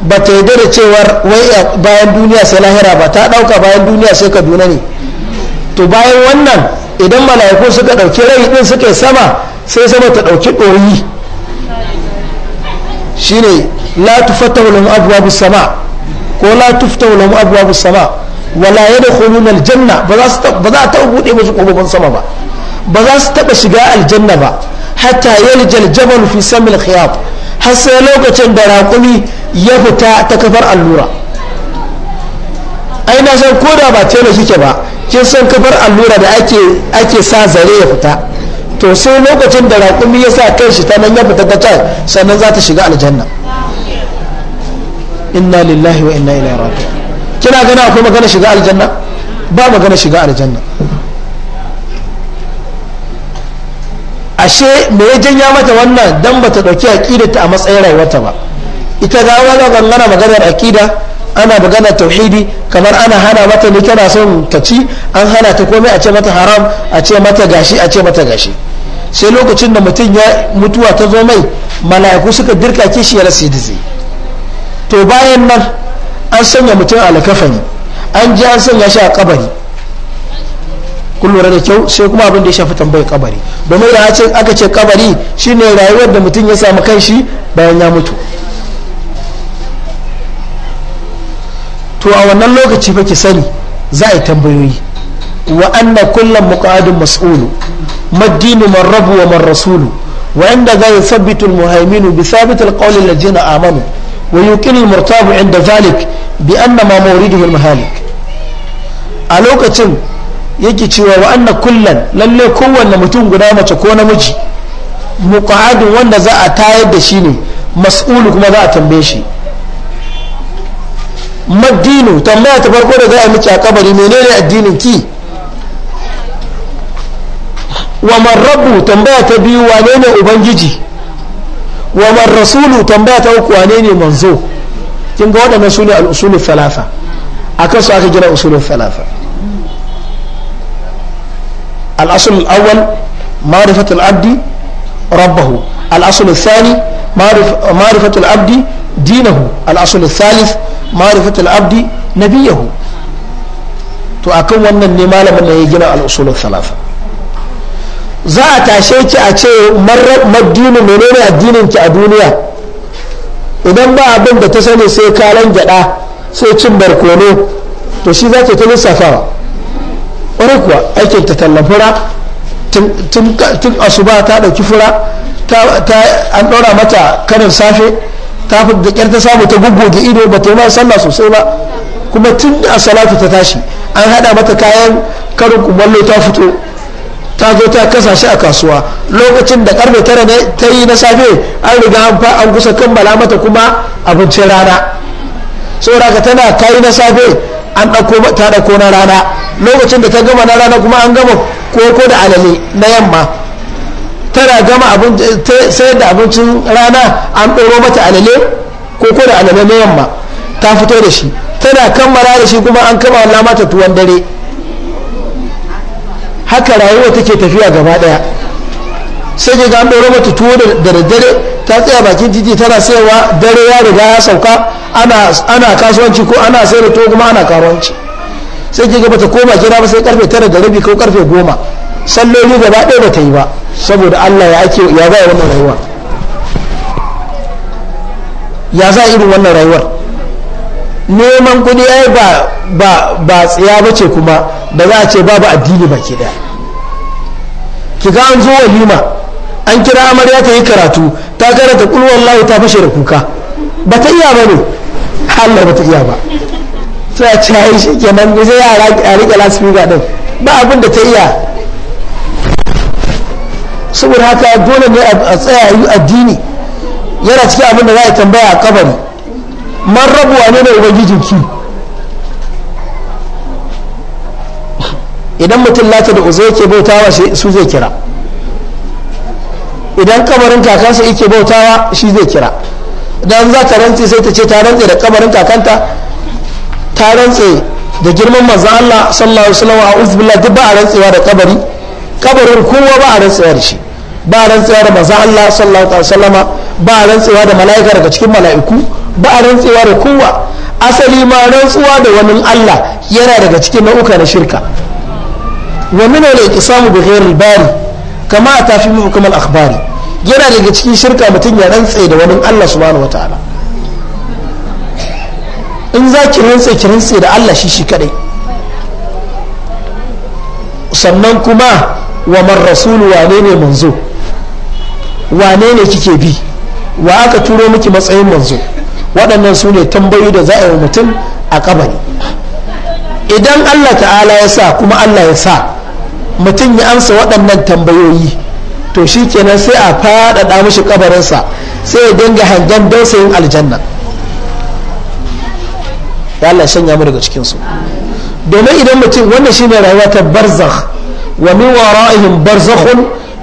ba ta yi da cewar wai bayan duniya sai lahira ba ta ɗauka bayan duniya sai kaduna ne to bayan wannan idan mala'iku suka ɗauki rai ɗin suka sama sai sama ta ɗauki ɗoyi ne la tufattahu lahum abwabus sama ko la tuftahu lahum abwabus sama wala yadkhuluna aljanna ba za ba za ta bude musu sama ba ba za su taɓa shiga aljanna ba hatta yaljal jabal fi samil khiyat har sai lokacin da raƙumi ya fita ta kafar allura ai na san ko da ba tela kike ba kin san kafar allura da ake sa zare ya fita to sai lokacin da raƙumi ya sa kan shi ta nan ya fita ta can sannan za ta shiga aljanna inna lillahi wa inna ilaihi raji'un kina gana akwai magana shiga aljanna ba magana shiga aljanna ashe me ya janya mata wannan dan bata dauki ta a matsayin rayuwarta ba ita ga wani gangana maganar aqida ana maganar tauhidi kamar ana hana mata ne tana son ta ci an hana ta komai a ce mata haram a ce mata gashi a ce mata gashi sai lokacin da mutum ya mutuwa ta zo mai mala'iku suka dirka kishi ya rasa to bayan nan an sanya mutum alkafani an ji an sanya shi a kabari kun lura da kyau sai kuma abin da ya shafi tambayar kabari domin da ce aka ce kabari shine rayuwar da mutum ya samu kanshi bayan ya mutu to a wannan lokaci fa ki sani za a yi tambayoyi wa anna kullum muqadin mas'ulu maddinu man rabu wa man rasulu wa inda za ya sabbitu muhaiminu bi sabit al-qawl amanu wa yuqinu al-murtabu inda zalik bi anna ma mawriduhu mahalik a lokacin yake cewa wa anna kullan lalle kowanne mutum guda mace ko namiji muqadin wanda za a tayar da shi ne mas'ulu kuma za a tambaye shi maddinu tambaya ta farko da za a miki a kabari menene addinin ki wa rabbu tambaya ta biyu wane ne ubangiji wa rasulu tambaya ta uku wane ne manzo kin ga waɗannan su ne al'usulun falafa a kan su aka gina usulun falafa الأصل الأول معرفة العبد ربه الأصل الثاني معرفة, معرفة العبد دينه الأصل الثالث معرفة العبد نبيه to a kan wannan ne malamin ya gina al'usulun salafa za a tashe ki a ce maddini menene addinin ki a duniya idan ba abin da ta sani sai kalan gyada sai cin barkono to shi za ta lissafawa kwarai kuwa aikin ta tallan fura tun asuba ta ɗauki fura an dora mata karin safe ta fi da ƙyar ta samu ta guggoge ido ba ta yi ma sallah sosai ba kuma tun a salatu ta tashi an haɗa mata kayan karin kumallo ta fito ta zo ta kasa shi a kasuwa lokacin da karfe tara ne ta yi na safe an riga an fa an kusa kammala mata kuma abincin rana saboda tana ta yi na safe an ɗauko ta ɗauko na rana lokacin da ta gama na rana kuma an gama koko da alale na yamma tana gama sayar da abincin rana an ɗoro mata alale koko da alale na yamma ta fito da shi tana kammala da shi kuma an kammala mata tuwon dare haka rayuwa take tafiya gaba ɗaya sai ke ga an ɗoro mata tuwo da daddare ta tsaya bakin titi tana sayarwa dare ya riga ya sauka ana kasuwanci ko ana sayar da tuwo kuma ana karuwanci sai ki ga bata koma gida ba sai karfe tara da rabi ko karfe goma salloli gaba ɗaya ba ta yi ba saboda Allah ya ake ya za wannan rayuwar ya za irin wannan rayuwar neman kudi ai ba ba ba ba ce kuma da za a ce babu addini ke da ki ga an zo walima an kira amarya ta yi karatu ta karanta kulwallahu ta fashe da kuka ba ta iya ba ne Allah ba ta iya ba sai a ci hayi shi zai sai ya rike lasifika din ba abin da ta iya saboda haka dole ne a tsaya yi addini yana cikin abin da za a tambaya a kabari man rabuwa ne da gijinki. idan mutum lati da uzo yake bautawa su zai kira idan kabarin kakansa yake bautawa shi zai kira idan za ta rantse sai ta ce ta rantse da kabarin kakanta ta rantse da girman manzan Allah sallallahu alaihi wasallam a uzbillah duk ba a rantsewa da kabari kabarin kowa ba a rantsewa da shi ba a rantsewa da manzan Allah sallallahu alaihi wasallam ba a rantsewa da mala'ika daga cikin mala'iku ba a rantsewa da kowa asali ma rantsuwa da wani Allah yana daga cikin nau'uka na shirka wa min al-iqsamu bi ghairi bari kama ta fi mu al-akhbari yana daga cikin shirka mutum ya rantse da wani Allah subhanahu wataala in za ki rantse ki rantse da Allah shi shi kadai sannan kuma wa man rasulu wane ne manzo wane ne kike bi wa aka turo miki matsayin manzo waɗannan su ne tambayoyi da za a yi wa mutum a kabari idan Allah ta'ala ya sa kuma Allah ya sa mutum ya amsa waɗannan tambayoyi to shi kenan sai a faɗaɗa mashi kabarinsa sai ya dinga hangen dausayin aljanna ya Allah sanya mu daga cikin domin idan mutum wannan shine rayuwa ta barzakh wa min wara'ihim barzakhun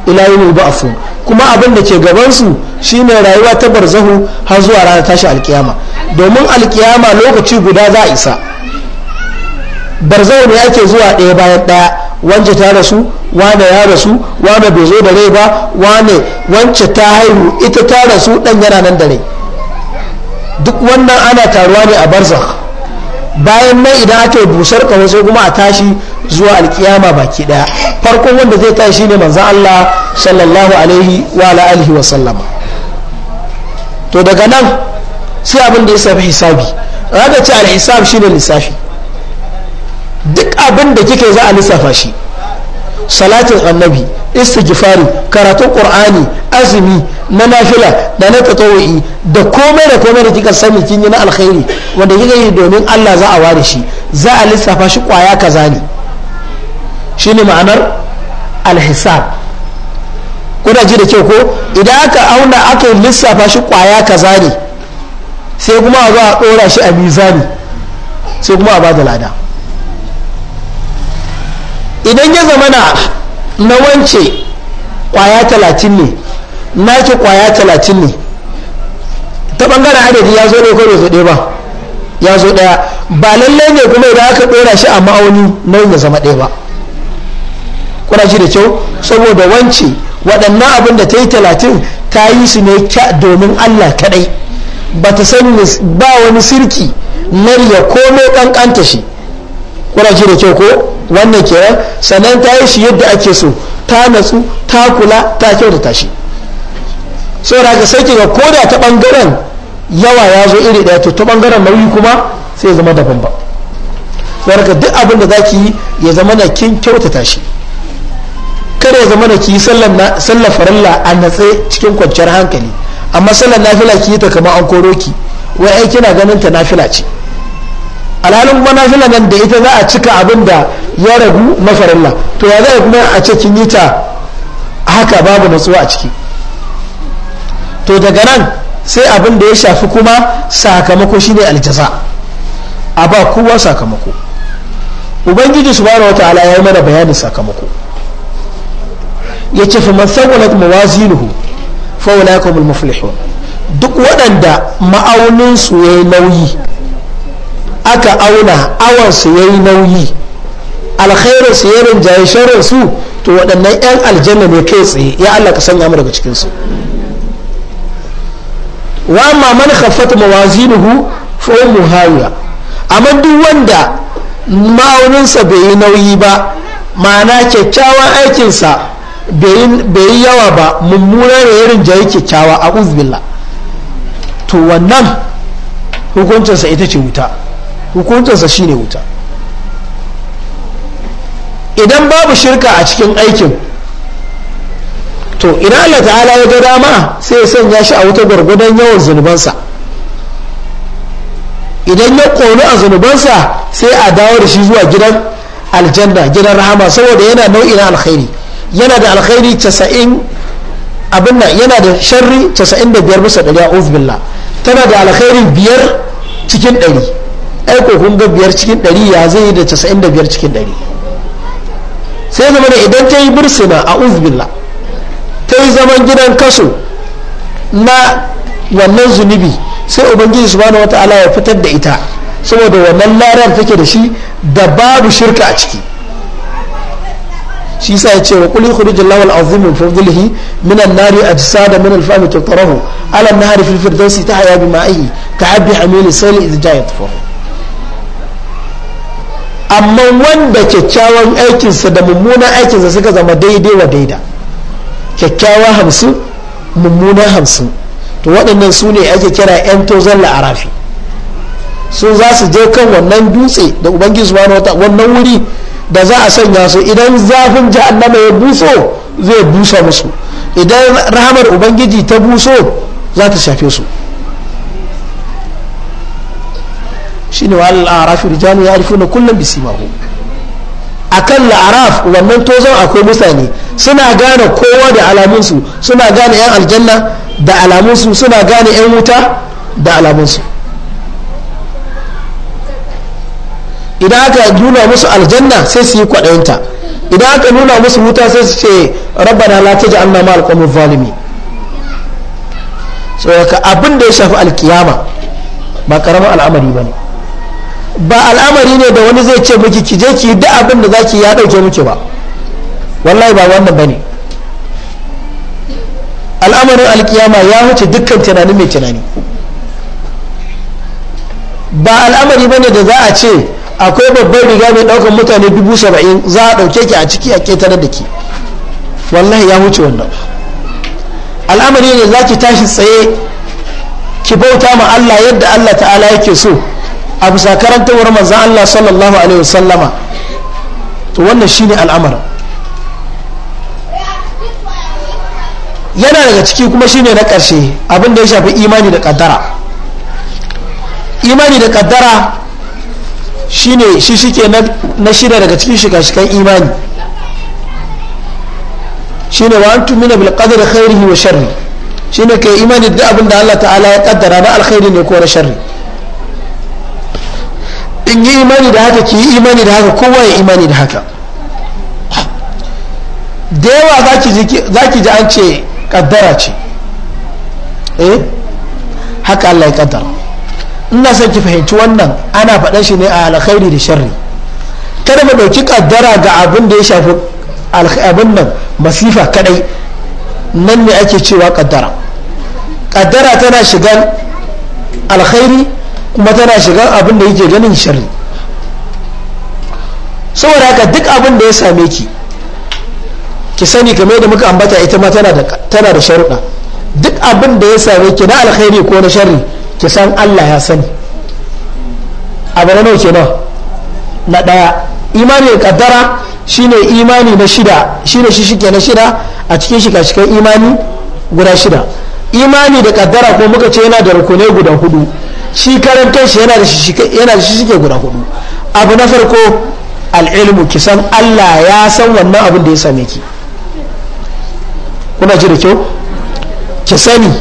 ila yawmi ba'thun kuma abin da ke gaban su shine rayuwa ta barzahu har zuwa ranar tashi alkiyama domin alkiyama lokaci guda za a isa barzahu ne ake zuwa ɗaya bayan ɗaya wance ta rasu wane ya rasu wane bai zo da rai ba wane wance ta haihu ita ta rasu ɗan yana nan da rai duk wannan ana taruwa ne a barzakh bayan mai idan aka yi busar kawo sai kuma a tashi zuwa alkiyama baki daya farkon wanda zai tashi ne manzo Allah sallallahu alaihi wa alihi wa sallama to daga nan sai abin da ya safi hisabi raga ce alhisab shine lissafi duk abin da kike za a lissafa shi salatin annabi istighfari karatun qur'ani azumi na nafila da na tatawai da komai da komai da kika sani kin yi na alkhairi wanda kika yi domin Allah za a ware shi za a lissafa shi kwaya kaza ne shine ma'anar alhisab kuna ji da kyau ko idan aka auna aka lissafa shi kwaya kaza ne sai kuma a zo a dora shi a mizani sai kuma a ba da lada idan ya zamana na wance kwaya talatin ne naki kwaya talatin ne ta bangaren adadi ya zo ne ko ba ya zo ɗaya ba lallai ne kuma idan aka ɗora shi a ma'auni nauyin ya zama ɗaya ba kuna ji da kyau saboda wance waɗannan abin da ta yi talatin ta yi su ne domin allah kaɗai ba ta san ba wani sirki na riya komai ƙanƙanta shi kuna ji da kyau ko wannan kenan sannan ta yi shi yadda ake so ta natsu ta kula ta kyautata shi Sai da sai kiga ko da ta bangaren yawa ya zo iri daya to ta bangaren nauyi kuma sai zama daban ba saboda duk abin da zaki yi ya zama na kin kyautata shi kada ya zama na ki sallar faralla a natse cikin kwanciyar hankali amma sallar nafila ki yi ta kamar an koro ki wai ai kina ganin ta nafila ce alhalin kuma nafila nan da ita za a cika abin da ya ragu na farilla to ya zai kuma a ce kin yi ta haka babu natsuwa a ciki to daga nan sai abin da ya shafi kuma sakamako shine aljaza a ba kowa sakamako ubangiji subhanahu wataala ya yi mana bayanin sakamako ya ce fa man thaqulat mawazinuhu fa ulaikumul muflihun duk waɗanda ma'aunin su yayi nauyi aka auna awan su yayi nauyi alkhairin su yayin jaye su to waɗannan yan aljanna ne kai tsaye ya Allah ka sanya mu daga cikinsu. wa ma man khaffat mawazinuhu fa ummu amma duk wanda ma'auninsa bai yi nauyi ba ma'ana kyakkyawan aikinsa bai yi yawa ba mummunan yarin jayi kyakkyawa a uzbilla to wannan sa ita ce wuta sa shine wuta idan babu shirka a cikin aikin to idan Allah ta'ala ya ga dama sai ya sanya shi a wuta gwargwadon yawan zunubansa idan ya konu a zunubansa sai a dawo da shi zuwa gidan aljanna gidan rahama saboda yana nau'in alkhairi yana da alkhairi casa'in abin nan yana da sharri casa'in da biyar bisa ɗari a billah tana da alkhairi biyar cikin ɗari aiko kun ga biyar cikin ɗari ya zai da casa'in da biyar cikin ɗari sai zama da idan ta yi bursuna a billah ta yi zaman gidan kaso na wannan zunubi sai ubangiji subhanahu ta'ala ya fitar da ita saboda wannan larar take da shi da babu shirka a ciki shi sa ya ce wa kulli khuruj Allah wal azim min fadlihi min an-nari ajsada min al-fam tutarahu ala an-nahri fil firdausi tahya bi ma'ihi ka habbi hamil sayl idh ja'at amma wanda kyakkyawan aikinsa da mummunan aikinsa suka zama daidai wa daidai. kyakkyawa hamsin mummunan hamsin to waɗannan su ne ake kira 'yan tozon la'arafi su za su je kan wannan dutse da ubangiji subhanahu wata wannan wuri da za a sanya su idan zafin jahannama ya buso zai busa musu idan rahamar ubangiji ta buso za ta shafe su shine wa al rijalu ya'rifuna kullum bisimahu a kan la'araf wannan tozon akwai mutane suna gane kowa da alaminsu suna gane 'yan aljanna da alaminsu suna gane 'yan wuta da alaminsu. idan aka nuna musu aljanna sai su yi kwaɗayinta idan aka nuna musu wuta sai su ce rabba la lati ji annama alƙwamin valimi so abin da ya shafi alkiyama ba karamin al'amari ba ne. ba al'amari ne da wani zai ce miki ki je ki duk abin da zaki ya dauke miki ba wallahi ba wannan bane al'amarin alkiyama ya wuce dukkan tunani mai tunani ba al'amari bane da za a ce akwai babban riga mai daukan mutane dubu saba'in za a dauke ki a ciki a ketare da ki wallahi ya wuce wannan al'amari ne za ki tashi tsaye ki bauta ma Allah yadda Allah ta'ala yake so a bisa karantawar manzan Allah sallallahu alaihi wasallama to wannan shi ne al'amarin yana daga ciki kuma shi ne na ƙarshe abin da ya shafi imani da ƙaddara imani da ƙaddara shine shi shike na shida daga cikin shiga-shigan imani shine wa antum min bil qadri khairihi wa sharri shine kai imani da abin da Allah ta'ala ya kaddara na alkhairi ne ko na sharri kin yi imani da haka ki yi imani da haka kowa ya imani da haka da yawa za ki ji an ce kaddara ce eh haka Allah ya kaddara ina son ki fahimci wannan ana faɗan shi ne a alkhairi da sharri kada mu ɗauki kaddara ga abin da ya shafi abin nan masifa kadai nan ne ake cewa kaddara kaddara tana shiga alkhairi kuma tana shiga abin da yake ganin shari saboda haka duk abin da ya same ki ki sani kamar da muka ambata ita ma tana da sharuɗa duk abin da ya same ki na alkhairi ko na shari ki san Allah ya sani abu na nawa na na ɗaya. imani da shi ne imani na shida ne shi shike na shida a cikin shika-shikan imani guda shida imani da kaddara ko muka ce yana da rukunai guda hudu shi karantar shi yana da shi yana da shi shike guda hudu abu na farko al'ilmu ki san Allah ya san wannan abin da ya same ki kuna ji da kyau ki sani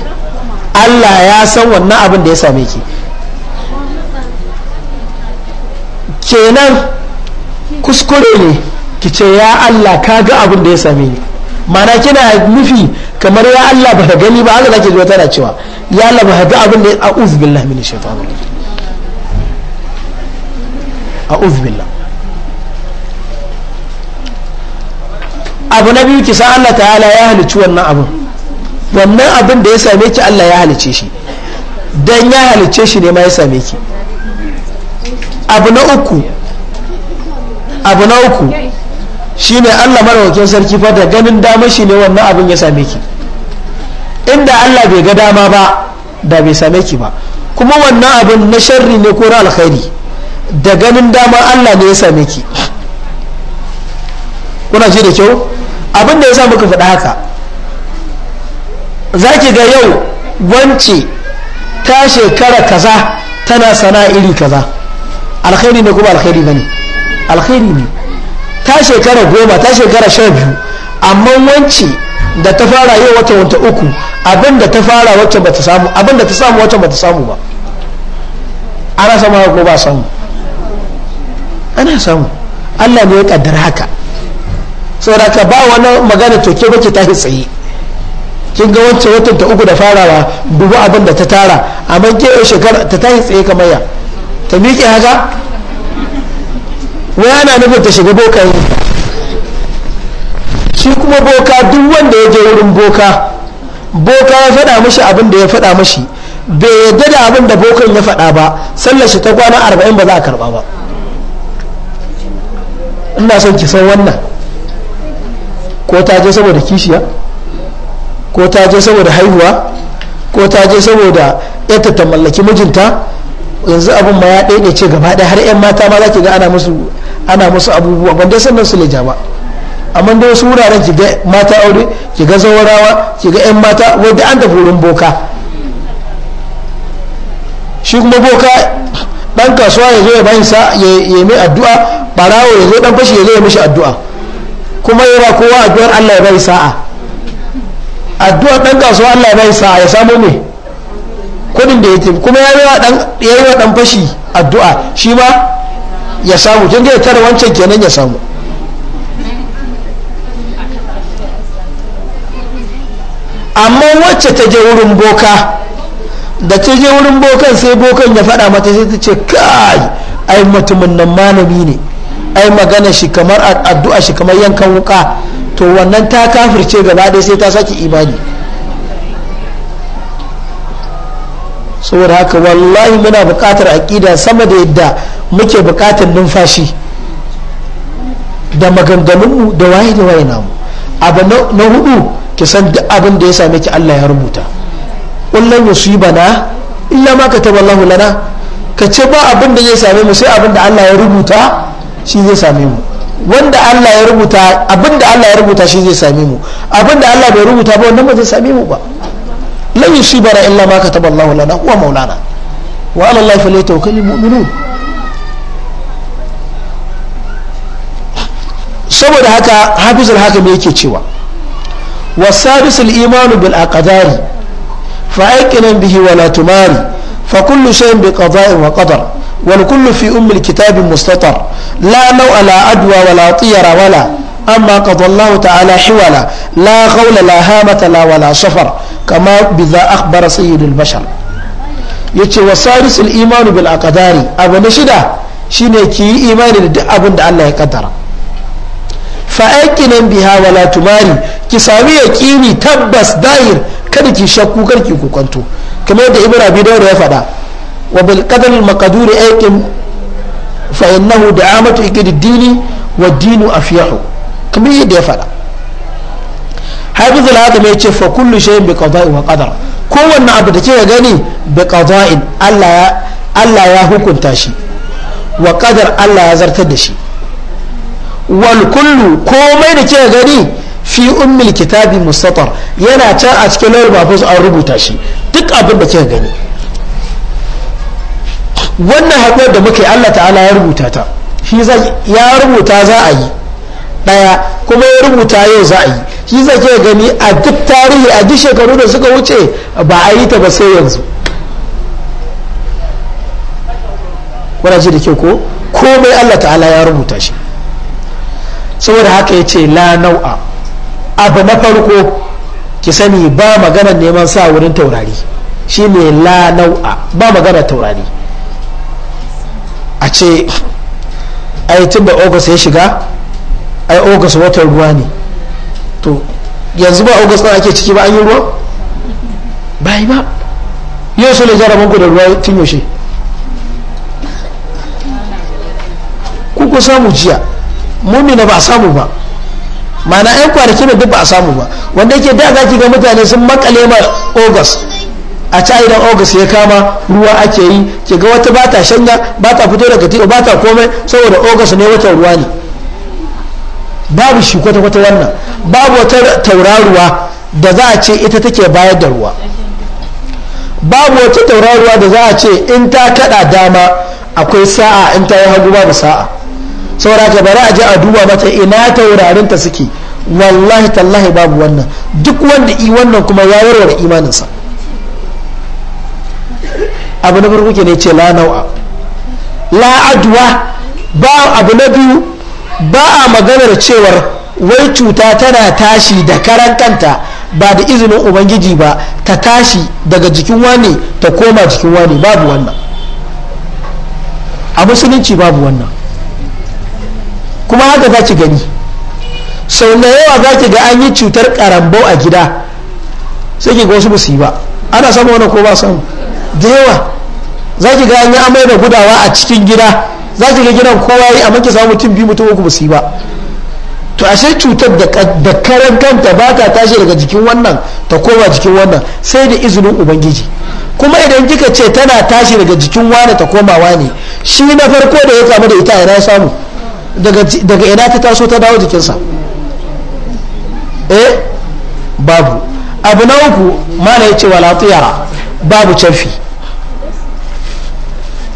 Allah ya san wannan abin da ya same ki kenan kuskure ne ki ce ya Allah ka ga abin da ya same ni mana kina nufi kamar ya Allah ba ka gani ba haka zaki zo tana cewa ya Allah ba ka ga abin da ya a'udhu billahi minash shaitani rajim a'udhu billah abu na biyu ki san Allah ta'ala ya halicci wannan abun wannan abin da ya same ki Allah ya halicce shi dan ya halicce shi ne ma ya same ki abu na uku abu na uku shi ne allah marawakin sarki fa da ganin dama shi ne wannan abin ya same ki inda allah bai ga dama ba da bai same ki ba kuma wannan abin na sharri ne ko na alkhairi da ganin dama allah ne ya same ki kuna ji da kyau abin da ya sa muka faɗa haka za ki ga yau wance ta shekara kaza tana sana'a iri kaza alkhairi ne kuma alkhairi ba ne alkhairi ne ta shekara goma ta shekara sha biyu amma wanci da ta fara yau wata wata uku abin da ta fara wacce ba ta samu abin da ta samu wacce ba ta samu ba ana samu ko ba samu ana samu Allah ne ya kaddara haka saboda ka ba wani magana to ke bace ta tsaye kin ga wancan wata ta uku da farawa dubu abin da ta tara amma ke shekara ta yi tsaye kamar ya ta miƙe haka wa ana nufin ta shiga boka yi shi kuma boka duk wanda ya je wurin boka boka ya faɗa mashi abin da ya faɗa mashi bai yadda da abin da bokan ya faɗa ba sallar shi ta kwana arba'in ba za a karɓa ba ina son ki san wannan ko ta je saboda kishiya ko ta je saboda haihuwa ko ta je saboda yata ta mallaki mijinta yanzu abin ma ya ce gaba ɗaya har 'yan mata ma za ki ga ana musu ana musu abubuwa ban dai sannan su leja ba amma da wasu wuraren ki ga mata aure ki ga zawarawa ki ga yan mata wadda an tafi wurin boka shi kuma boka dan kasuwa ya zo ya bayan sa ya mai addu'a barawo ya zo dan fashi ya zo ya mishi addu'a kuma ba kowa addu'ar Allah ya bai sa'a addu'ar dan kasuwa Allah ya bai sa'a ya samu me kudin da ya tafi kuma ya yi wa dan fashi addu'a shi ma ya samu tun ya tara wancan kenan ya samu amma wacce ta je wurin boka da ta je wurin bokan sai bokan ya faɗa mata sai ta ce kai ai mutumin nan malami ne ai magana shi kamar addu'a shi kamar yankan wuka to wannan ta kafirce gaba ɗaya sai ta sake imani saboda haka wallahi muna buƙatar aƙida sama da yadda muke buƙatar numfashi da maganganunmu da waye da waye namu abu na hudu ki san duk abin da ya same ki Allah ya rubuta kullum su yi bana illa ma kataba Allah lana ka ce ba abin da zai same mu sai abin da Allah ya rubuta shi zai same mu wanda Allah ya rubuta abin da Allah ya rubuta shi zai same mu abin da Allah bai rubuta ba wannan ba zai same mu ba لن يصيبنا إلا ما كتب الله لنا هو مولانا وعلى الله فليتوكل المؤمنون saboda haka hafizul hakim yake cewa والسادس الإيمان بالأقدار فأيقنا به ولا تماري فكل شيء بقضاء وقدر والكل في أم الكتاب مستطر لا نوء لا أدوى ولا طير ولا أما قضى الله تعالى حولا لا غول لا هامة لا ولا صفر kamar biza za akhbara sayyidul bashar yace wa sarisul imanu bil aqdari abu na shida shine ki yi imani da duk abin da Allah ya kaddara fa aqinan biha wala tumari ki sami yaqini tabbas dair kada ki shakku kar ki kokonto kamar da ibnu abi dawud ya faɗa wa bil qadar al maqdur da fa innahu da'amatu wa dinu afyahu kamar yadda ya faɗa haifizul hakim ya ce fa kullu shay'in bi qada'i wa qadar kowanne abu da kika gani bi qada'in Allah ya Allah ya hukunta shi wa qadar Allah ya zartar da shi wal kullu komai da kika gani fi ummil kitabi mustatar yana can a cikin lawal mafus an rubuta shi duk abin da kika gani wannan haɗuwar da muke Allah ta'ala ya rubuta ta shi ya rubuta za a yi ɗaya kuma ya rubuta yau za a yi shi zake gani a duk tarihi a duk shekaru da suka wuce ba a yi ta ba sai yanzu wadace da ke ko komai allah ta'ala ya rubuta shi saboda haka ya ce la nau'a abu na farko ki sani ba magana neman sa wurin taurari shi ne la nau'a ba magana taurari a ce a yi tun da ya shiga ai ogas watan ruwa ne to yanzu ba ogas na ake ciki ba an yi ruwa ba yi ba yau su ne jaraban ku da ruwa tun yaushe kuku samu jiya na ba a samu ba mana yan kwanaki da duk ba a samu ba wanda yake da zaki ga mutane sun makale ma ogas a ca idan ogas ya kama ruwa ake yi ke ga wata bata shanya bata fito daga titi bata komai saboda ogas ne watan ruwa ne babu shi kwata-kwata wannan babu wata tauraruwa da za a ce ita take bayar da ruwa babu wata tauraruwa da za a ce in ta kada dama akwai sa'a in ta yi hagu babu sa'a saboda ka bari a je a duba mata ina taurarin ta suke wallahi tallahi babu wannan duk wanda i wannan kuma ya warware imaninsa abu na farko ne ce la nau'a la adwa ba abu na biyu ba a maganar cewar wai cuta tana tashi da karan kanta ba da izinin ubangiji ba ta tashi daga jikin wani ta koma jikin wani babu wannan a musulunci babu wannan kuma haka za ki gani sau na yawa za ki ga an yi cutar karambo a gida sai ki ga wasu musu ba ana samu wani ko ba samu da yawa za ki ga an yi amai da gudawa a cikin gida za su ga gidan kowa yi a maki samu mutum biyu mutum uku ba su yi ba to ashe cutar da karen kanta ba ta tashi daga jikin wannan ta koma jikin wannan sai da izinin ubangiji kuma idan kika ce tana tashi daga jikin wani ta koma wane shi na farko da ya kamu da ita ina samu daga ina ta taso ta dawo jikinsa eh babu abu na uku mana ya ce wala babu canfi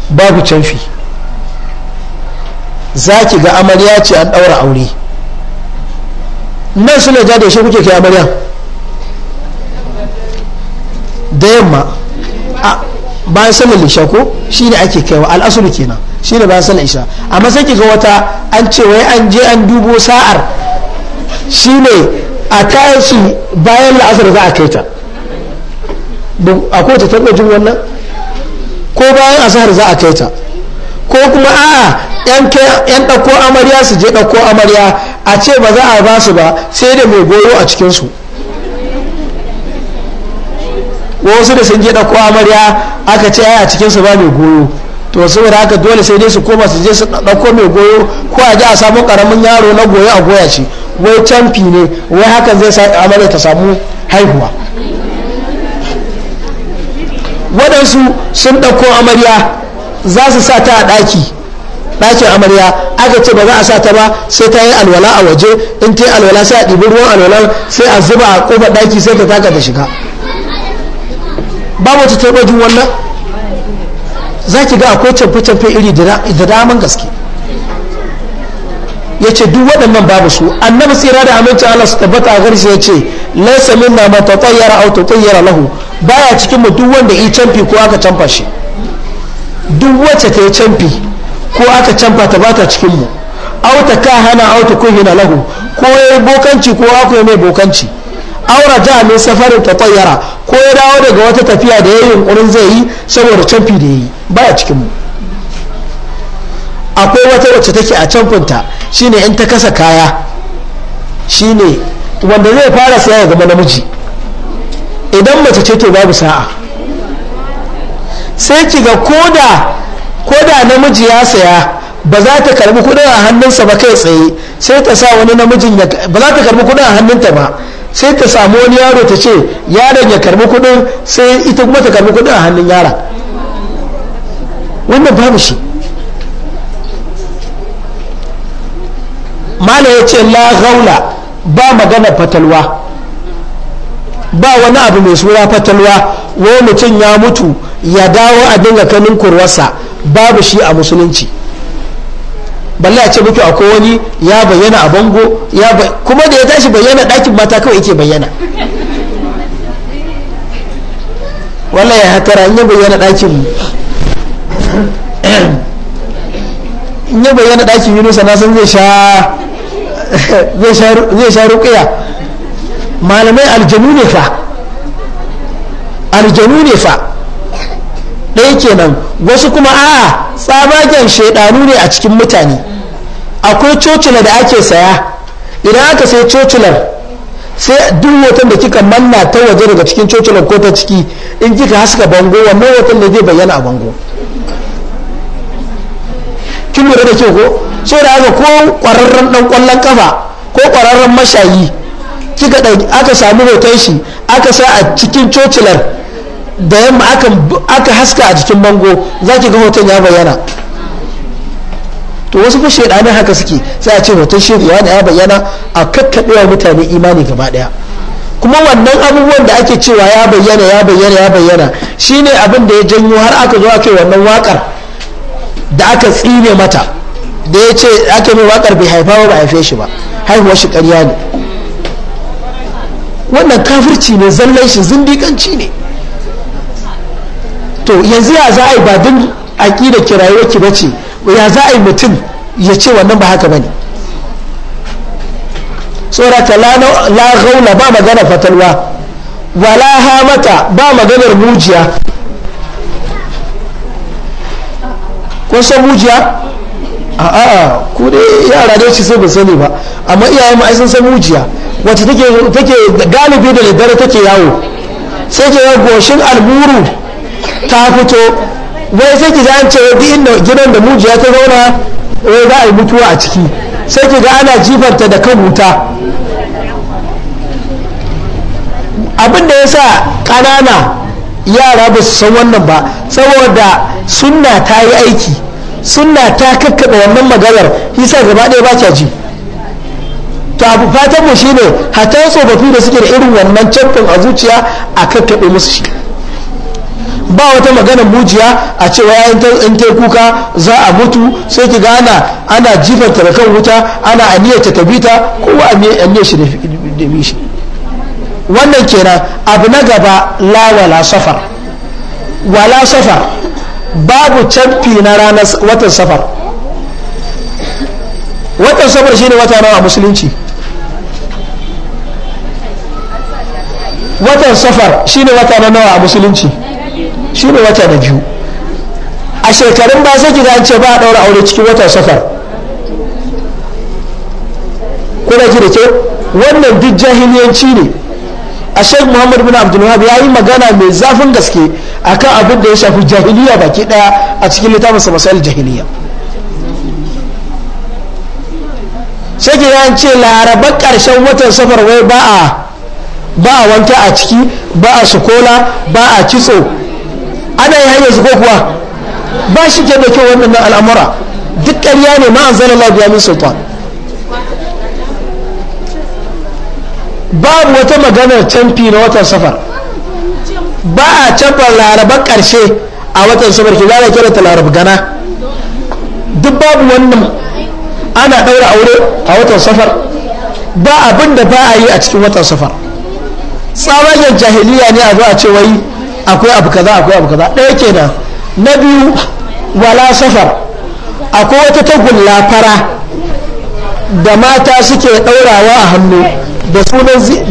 babu canfi za ki ga amarya ce an ɗaura aure nan suna ja da shi kuke kai amarya da yamma bayan sallar isha ko shi ne ake kaiwa al'asuru kenan shi ne bayan sallar isha amma sai ki ga wata an ce wai an je an dubo sa'ar shi ne a kayan bayan la'asar za a kai ta akwai ta taɓa jin wannan ko bayan asahar za a kai ta ko kuma a'a yan ɗauko amarya su je ɗauko amarya a ce ba za a ba su ba sai da mai goyo a cikinsu wasu da sun je ɗauko amarya aka ce a cikinsu ba mai goyo to saboda haka dole sai dai su koma su je su ɗauko mai goyo ko a ji a samu ƙaramin yaro na goyo a goya ce, wai canfi ne wai hakan zai sa amarya ta samu haihuwa waɗansu sun ɗauko amarya za su sa ta a ɗaki ɗakin amarya aka ce ba za a sa ta ba sai ta yi alwala a waje in ta yi alwala sai a ɗibi ruwan alwala sai a zuba a ƙofar ɗaki sai ta taka ta shiga babu ta taɓa wannan za ki ga akwai camfe-camfe iri da daman gaske ya ce duk waɗannan babu su annabi tsira da aminci Allah su tabbata a garshe ya ce laisa minna ma tatayyara aw tatayyara lahu baya cikin mu duk wanda i camfi ko aka camfa shi duk wacce ta yi canfi ko aka canfa ta bata cikinmu auta ka hana auta ko hina kuhina lahu ko yi bokanci ko aku ya mai bokanci aura ja ne safarin ta tsayara ko ya dawo daga wata tafiya da ya yi yunkurin zai yi saboda canfi da ya yi baya cikinmu. akwai wata wacce take a canfinta shine in ta kasa kaya shine wanda zai fara saya ya zama namiji idan mace ce to babu sa'a sai ki ga koda koda namiji ya saya ba za ta karbi kudin a hannunsa ba kai tsaye sai ta sa wani namijin ba za ta karbi kudin a hannunta ba sai ta samu wani yaro ta ce yaron ya karbi kudin sai ita kuma ta karbi kudin a hannun yara wannan babu shi mala ya ce la gaula ba magana fatalwa ba wani abu mai sura fatalwa wani mutum ya mutu ya dawo a dinga kanin kurwarsa babu shi a musulunci balle a ce muku a wani ya bayyana a bango ya kuma da ya tashi bayyana ɗakin mata kawai yake bayyana wala ya hatara in ya bayyana ɗakin in ya bayyana ɗakin yunusa na san zai sha zai sha ruƙiya malamai aljanu ne fa aljanu ne fa ɗaya kenan wasu kuma a tsabagen shaidanu ne a cikin mutane akwai cocula da ake saya idan aka sai cocular sai duk hoton da kika manna ta waje daga cikin cocular ko ta ciki in kika haska bango wannan hoton da zai bayyana a bango kin lura da kyau ko so da haka ko kwararren dan kwallon kafa ko kwararren mashayi kika aka sami hoton shi aka sa a cikin cocilar da yamma aka haska a jikin bango za ki ga hoton ya bayyana to wasu fa ɗanin haka suke sai a ce hoton shi ya ya bayyana a kakkaɓewa mutane imani gaba ɗaya kuma wannan abubuwan da ake cewa ya bayyana ya bayyana ya bayyana shine abin da ya janyo har aka zo aka wannan wakar da aka tsine mata da ya ce ake mai wakar bai haifa ba haife shi ba haihuwar shi ƙarya ne wannan kafirci ne zallan shi zindiƙanci ne to yanzu ya za a yi ba din aƙidar kirayewa ki bace ya za a yi mutum ya ce wannan ba haka bane tsoraka la gaula ba magana fatalwa wala hamata ba maganar mujiya kun san mujiya a'a ku dai yara ne ci sai ba sani ba amma iyayen mu ai sun san mujiya wacce take galibi da daddare take yawo sai ke goshin alburu ta fito wai sai ki ga an ce duk inda gidan da mujiya ta zauna wai za a yi mutuwa a ciki sai ki ga ana jifarta da kan wuta abin da ya sa ƙanana yara ba su san wannan ba saboda sunna ta yi aiki sunna ta kakkaɓe wannan maganar hisa gaba ɗaya ba ta ji to abu fatan mu shine hatan tsofaffi da suke da irin wannan canfin a zuciya a kakkaɓe musu shi ba wata magana mujiya a cewa in ta kuka za a mutu sai ki gana ana jifar jifan talakan wuta ana aniyar ta tabita kowa aniyar shi da mishi wannan kenan abu na gaba la wala safar wala safar babu canfi na ranar watan safar watan safar shine wata rawa musulunci watan safar shine wata nawa a musulunci shi ne wata na biyu a shekarun ba sai gida an ce ba a ɗaura aure cikin wata safar kuna ji da ke wannan duk jahiliyanci ne a sheikh muhammad bin abdulwahab ya yi magana mai zafin gaske akan abin da ya shafi jahiliya baki daya a cikin littafin sa masal jahiliya sai ke yan ce larabar karshen watan safar wai ba a ba a wanka a ciki ba a sukola ba a kitso ana yi hanyar su ko kuwa ba shi ke da kyau wannan al'amura duk ƙarya ne ma an zana lafiya min sultan babu wata maganar canfi na watan safar ba a canfa larabar ƙarshe a watan safar ki zara kira ta larab gana duk babu wannan ana ɗaura aure a watan safar ba abin da ba a yi a cikin watan safar tsawagen jahiliya ne a zo a ce wai akwai abu kaza akwai abu kaza ɗaya kenan na biyu wala safar akwai wata tagulla fara da mata suke ɗaurawa a hannu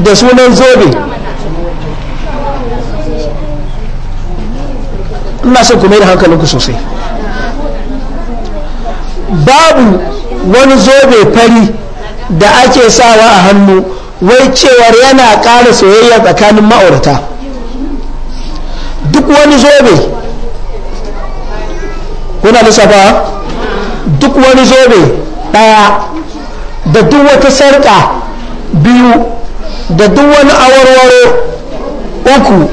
da sunan zobe ina son ku yi da hankalinku sosai babu wani zobe fari da ake sawa a hannu wai cewar yana ƙara soyayya tsakanin ma'aurata duk wani zobe kuna lissafa duk wani zobe ɗaya da duk wata sarƙa biyu da duk wani awarwaro uku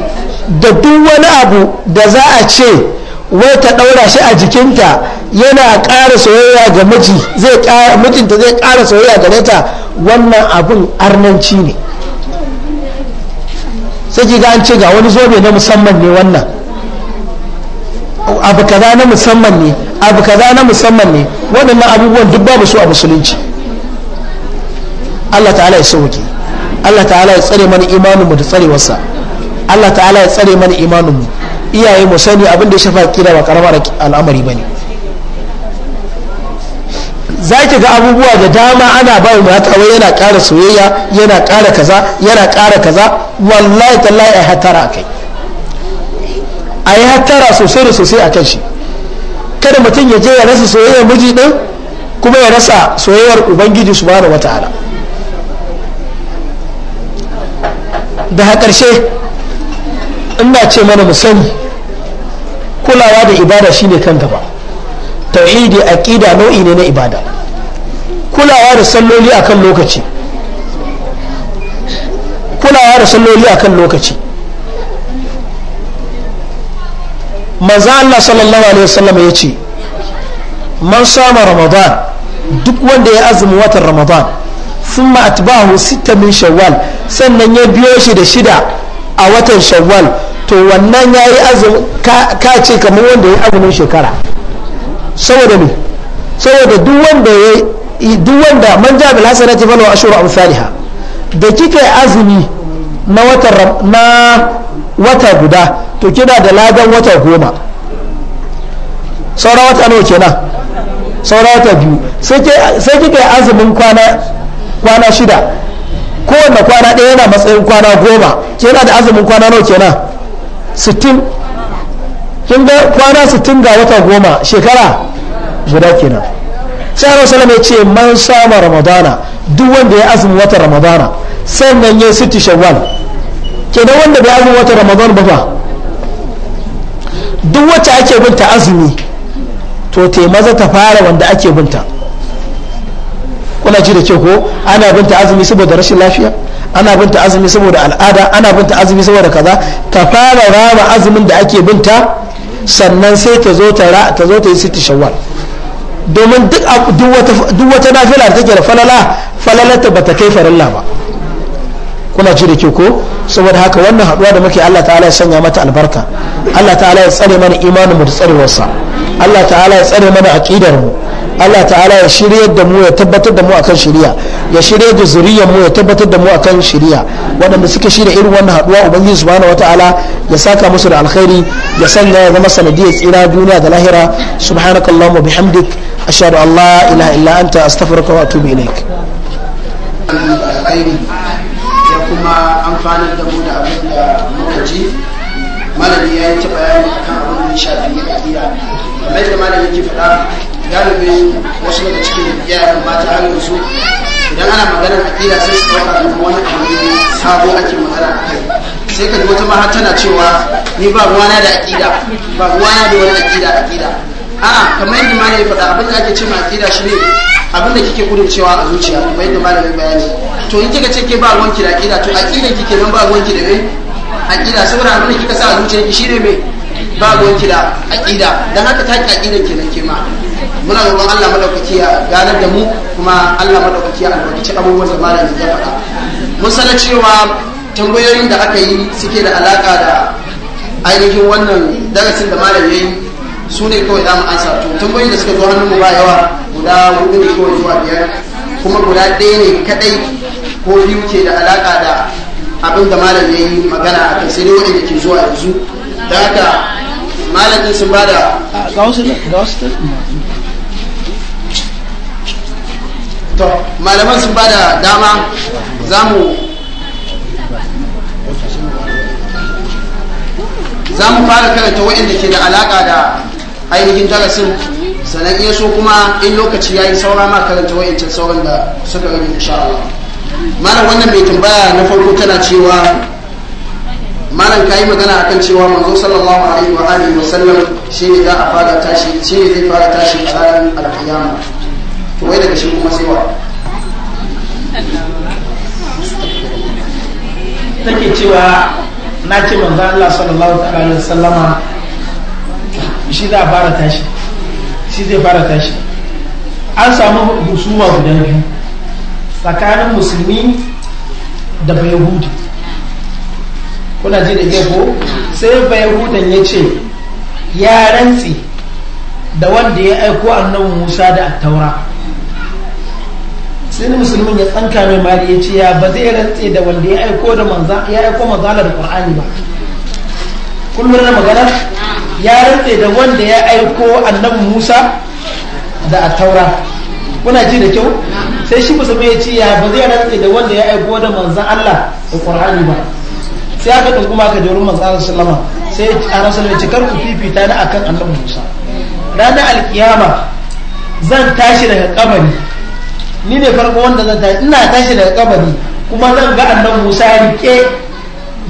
da duk wani abu da za a ce wai ta ɗaura shi a jikinta yana ƙara soyayya ga miji zai mijinta zai ƙara soyayya ga ta wannan abun arnanci ne sai ji ga an ce ga wani zobe na musamman ne wannan abu kaza na musamman ne abu kaza na musamman ne waɗannan abubuwan duk babu su a musulunci Allah ta'ala ya sauke Allah ta'ala ya tsare mana imanin mu da tsarewarsa Allah ta'ala ya tsare mana imanin mu iyaye mu sani abin da ya shafa kira ba karamar al'amari bane za ki ga abubuwa da dama ana ba wa mata wai yana ƙara soyayya yana ƙara kaza yana ƙara kaza wallahi tallahi a hatara a kai a yi hatara sosai da sosai a kan shi kada mutum ya je ya rasa soyayyar miji ɗin kuma ya rasa soyayyar ubangiji su wata'ala da ƙarshe ina ce mana mu kulawa da ibada shine kan gaba tauhidi aqida nau'i ne na ibada kulawa da salloli akan lokaci kulawa da salloli akan lokaci manzo Allah sallallahu alaihi wasallam ya ce man sama ramadan duk wanda ya azumi watan ramadan thumma atba'ahu sita min shawwal sannan ya biyo shi da shida a watan shawwal to wannan yayi azumi ka ce kamar wanda ya azumin shekara saboda ne saboda duk wanda ya duk wanda man ja bil hasanati falahu ashru amsalha da kika yi azumi na wata na wata guda to kina da ladan wata goma saura wata nawa kenan saura wata biyu sai kika yi azumin kwana kwana shida kowanne kwana ɗaya yana matsayin kwana goma kina da azumin kwana nawa kenan sittin kin ga kwana sittin ga wata goma shekara guda kenan sai Allah sallama ya ce man sama ramadana duk wanda ya azumi wata ramadana sannan ya siti shawwal kenan wanda bai azumi wata ramadana ba fa duk wacce ake binta azumi to te maza ta fara wanda ake binta kuna ji da ke ko ana binta azumi saboda rashin lafiya ana binta azumi saboda al'ada ana binta azumi saboda kaza ta fara rama azumin da ake binta sannan sai ta zo ta zo ta yi sittin shawwal domin duk wata nafila da take da falala falalata ba ta kai farilla ba kuna ji da ke ko saboda haka wannan haduwa da muke Allah ta'ala ya sanya mata albarka Allah ta'ala ya tsare mana imanin mu da tsarewarsa Allah ta'ala ya tsare mana aqidar mu Allah ta'ala ya shiryar da mu ya tabbatar da mu akan shiriya ya shirya da zuriyar mu ya tabbatar da mu akan shiriya waɗanda suka shirya irin wannan haɗuwa ubangiji subhanahu wataala ya saka musu da alkhairi ya sanya ya zama sanadiyar tsira duniya da lahira subhanakallahumma bihamdik ashhadu an la ilaha illa anta astaghfiruka wa atubu ilaik ya kuma amfanar da mu da abin da muka ji malami ya yi ta bayani akan abin da ya shafi yadda kamar da malami ke faɗa galibi wasu daga cikin yaran mata har su idan ana maganar aƙida sai su ɗauka da wani abu ne sabo ake magana a kai sai ka ji wata ma tana cewa ni ba ruwana da aƙida ba ruwana da wani aƙida aƙida a'a kamar yadda malam ya faɗa abin da ake cewa aƙida shi ne abin da kike gudun cewa a zuciya kamar yadda malam ya bayani to in kika ce ke ba ruwanki da aƙida to aƙida kike nan ba ruwanki da me aƙida saboda abin da kika sa a zuciyarki ne me ba ruwanki da aƙida don haka ta ki aƙidan kenan ke ma muna roƙon Allah madaukaki ya ganar da mu kuma Allah madaukaki ya albarkaci abubuwan da malam ya faɗa mun sana cewa tambayoyin da aka yi suke da alaka da ainihin wannan darasin da malam ya yi su ne kawai za mu ansa to tambayoyin da suka zo hannun mu ba yawa guda hudu ne kawai zuwa biyar kuma guda ɗaya ne kaɗai ko biyu ke da alaka da abin da malam ya yi magana a kan sai dai waɗanda ke zuwa yanzu da haka malamin sun ba da ga wasu to malaman sun bada dama za mu za mu fara karanta waɗanda ke da alaƙa da ainihin darasin sanan iya so kuma in lokaci ya yi saura ma karanta waɗancan sauran da suka rage insha malam wannan mai tambaya na farko tana cewa malam ka yi magana akan cewa manzo sallallahu alaihi wa alihi wa sallam shi ne za a fara tashi shi ne zai fara tashi a ranar alkiyama wai daga shi kuma sai wa take cewa na ce manzo Allah sallallahu alaihi wasallama shi za a fara tashi shi zai fara tashi an samu husuma guda biyu tsakanin musulmi da bayahudi kuna ji da ko sai bayahudan ya ce ya rantsi da wanda ya aiko annabi musa da attaura sai na musulmin ya tsanka mai mari ya ce ya ba zai rantse da wanda ya aiko da manza ya aiko manzala da qur'ani ba kullum na magana ya rantse da wanda ya aiko annabi musa da attaura kuna ji da kyau sai shi musulmi ya ce ya ba zai rantse da wanda ya aiko da manza allah da qur'ani ba sai aka ɗin kuma aka jorin manzan sallama sai a rasulun ya ce kar ku fifita ni akan annabi musa ranar alkiyama zan tashi daga kamari. ni ne farko wanda zan tashi ina tashi daga kabari kuma zan ga annabi Musa rike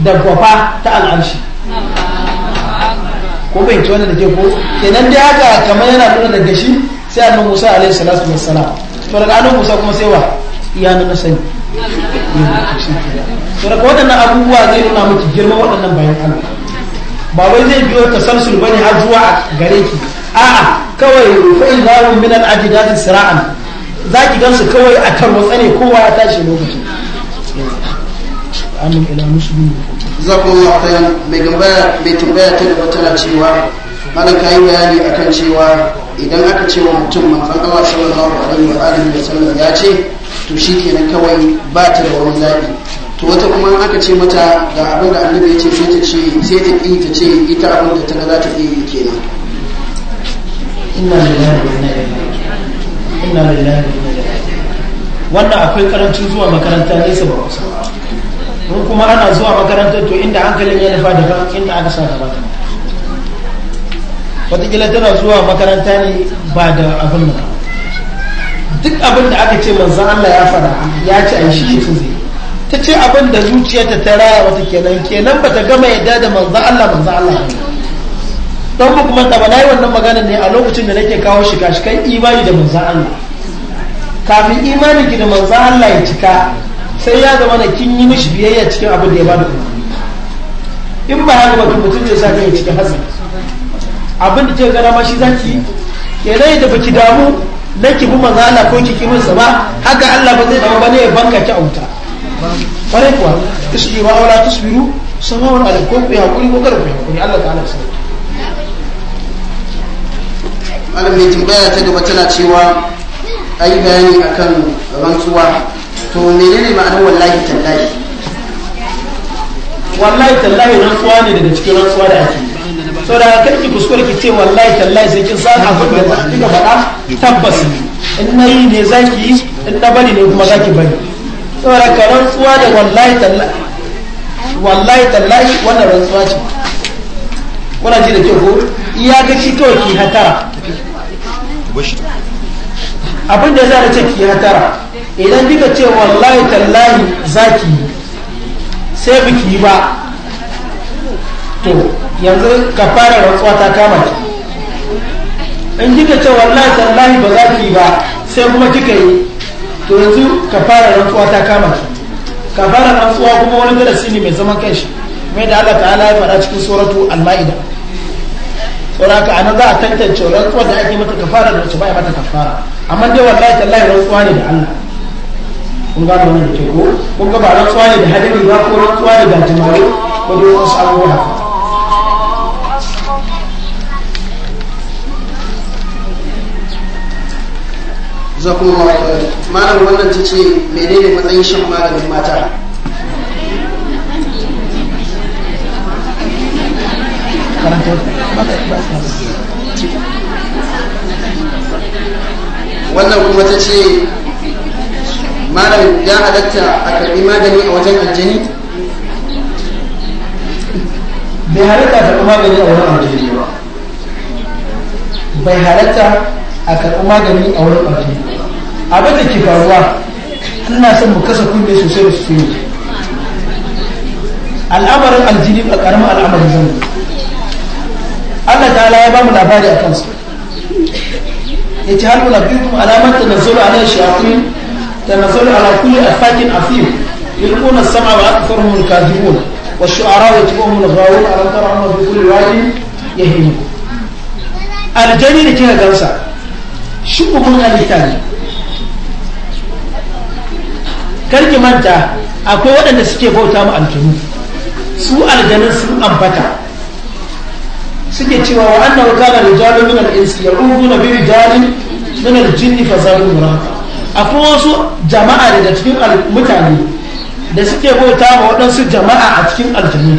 da gwafa ta al'arshi ko bai ci wanda da ke ko kenan dai haka kamar yana nuna daga shi sai annabi Musa alayhi salatu wassalam to daga annabi Musa kuma sai wa iya na sani to daga waɗannan abubuwa zai nuna miki girman waɗannan bayan Allah ba wai zai biyo tasalsul bane har zuwa gare ki a'a kawai fa in min al-ajdad sira'an za ki gansu kawai a tarwatsa ne kowa ya tashi lokacin amin ila musulmi za ku yi kayan mai tambaya ta gaba tana cewa malam kayi bayani akan cewa idan aka ce wa mutum manzon Allah sallallahu alaihi wa alihi wa sallam ya ce to shi kenan kawai ba ta da wani zabi to wata kuma aka ce mata ga abin da annabi ya ce sai ta ce sai ta ki ta ce ita abin da ta ga za ta iya yi kenan inna lillahi wa inna inna lillahi wa inna wannan akwai karanci zuwa makaranta nesa ba kusa mun kuma ana zuwa makaranta to inda hankalin ya nufa daban inda aka sa daban wataƙila tana zuwa makaranta ne ba da abin nan duk abin da aka ce manzo Allah ya fara ya ci a shi su zai ta ce abin da zuciyarta ta raya wata kenan kenan ba ta gama yadda da manzo Allah manzo Allah ya don ku kuma taba na yi wannan magana ne a lokacin da nake kawo shiga shikan imani da manzan Allah kafin imani ki da manzan Allah ya cika sai ya zama da kin yi mishi biyayya cikin abin da ya bada ku in ba haka ba mutum zai sa kai cikin hatsi abin da ke gana ma shi zaki kenan da baki damu na ki bi manzan Allah ko ki ki masa ba haka Allah ba zai damu ba ne ya banka ki auta kwarai kuwa tusbiru wa aula tusbiru samawan alaikum ya hakuri ko kada ku hakuri Allah ta'ala sai malam mai tambaya ta gaba tana cewa a yi bayani akan rantsuwa to menene ma'anar wallahi tallahi wallahi tallahi rantsuwa ne daga cikin rantsuwa da ake so da kan ki kuskure ki ce wallahi tallahi sai kin san abin da kika faɗa tabbas in na yi ne za ki yi in na bari ne kuma za ki bari da ka rantsuwa da wallahi tallahi wallahi tallahi wannan rantsuwa ce kuna ji da kyau ko iyakaci kawai ki hatara bashi abin da za da ce ki ya tara idan kika ce wallahi tallahi zaki sai biki ba to yanzu ka fara rantsuwa ta kama ki in kika ce wallahi tallahi ba za ki ba sai kuma kika yi to yanzu ka fara rantsuwa ta kama ki ka fara rantsuwa kuma wani darasi ne mai zaman kanshi mai da Allah ta'ala ya faɗa cikin suratu al-ma'ida saboda a nan za a tantance rantsuwar da ake mata kafara da wacce ba mata kafara amma dai wallahi tallahi rantsuwa ne da Allah kun gano wannan da ke ko kun ga ba rantsuwa ne da hadari ba ko rantsuwa ne da jimare ko dai wasu abubuwa haka zakon malam wannan ta ce menene matsayin shan maganin mata karanta wannan kuma ta ce malam ya halatta a karbi magani a wajen aljani bai halatta a karbi magani a wajen aljani ba bai halatta a karbi magani a aljini aljani abin da ke faruwa ina son mu kasa kunne sosai da sosai al'amarin aljini a karamin al'amarin zanen Allah ta'ala ya bamu labari a kansu ya ce hannu na biyu kuma alamar ta nazaru ala shayatin ta nazaru ala a afakin afif yulquna sama wa aktharuhum al-kadhibun wa shu'ara yatbuhum a ghawun ala tarahum fi kulli wadin yahimu aljani da kika gansa shi ubun halitta ne karki manta akwai waɗanda suke bauta mu aljanu su aljanin sun ambata suke cewa wa annahu kana rijalun min al-insi ya'uduna na rijalin min al-jinni fa zalu muraka akwai wasu jama'a daga cikin mutane da suke bauta ma waɗansu jama'a a cikin aljanu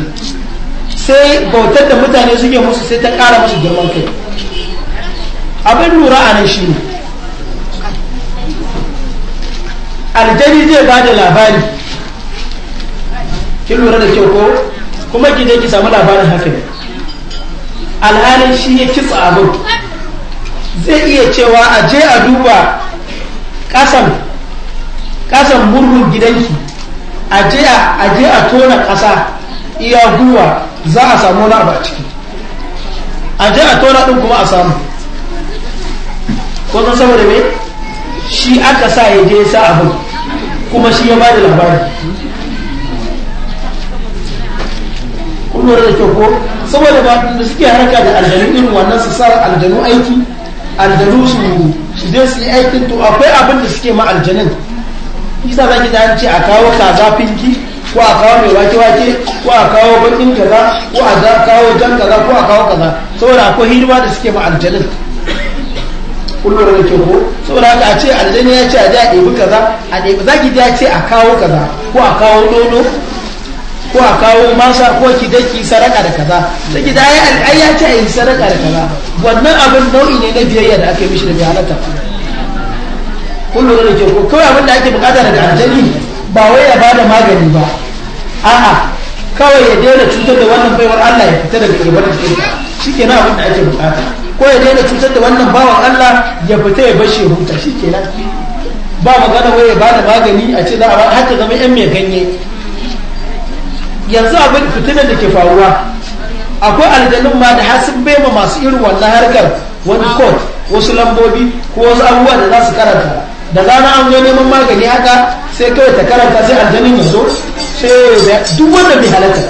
sai bautar da mutane suke musu sai ta ƙara musu girman kai abin lura a nan ne aljani zai ba da labari kin lura da kyau ko kuma ki je ki samu labarin haka ne alhalin shi ya kitsa abin zai iya cewa a je a duba kasan kasan murhun gidanki a je a tona kasa iya guwa za a samu wani abu a ciki a je a tona din kuma a samu ko saboda me shi aka sa ya je sa abin kuma shi ya ba da labari lura da kyau ko saboda ba da suke harka da aljanu irin wannan su sa aljanu aiki aljanu su su je su yi aikin to akwai abin da suke ma aljanin isa za ki dan ce a kawo kaza finki ko a kawo mai wake wake ko a kawo bakin kaza ko a kawo jan kaza ko a kawo kaza saboda akwai hidima da suke ma aljanin kullum da kyau ko saboda haka a ce aljani ya ce a je a ɗebi kaza a ɗebi za ki ya ce a kawo kaza ko a kawo dodo ko a kawo masa ko ki daki saraka da kaza ta gida ai ya ce a yi saraka da kaza wannan abin nau'i ne na biyayya da aka yi mishi da bai halatta kullum da ke ko kawai abin da ake bukata daga aljani ba wai ya bada magani ba a'a kawai ya daina cutar da wannan baiwar Allah ya fita daga ibadar da shikenan abin da ake bukata ko ya daina cutar da wannan bawan Allah ya fita ya bashi huta shikenan ba magana wai ya bada magani a ce za a haka zama yan mai ganye yanzu abin fitinan da ke faruwa akwai aljanun ma da hasin bema masu irin wannan harkar wani court wasu lambobi ko wasu abubuwa da za su karanta da zana an zo neman magani haka sai kawai ta karanta sai aljannin ya zo sai duk wanda bai halatta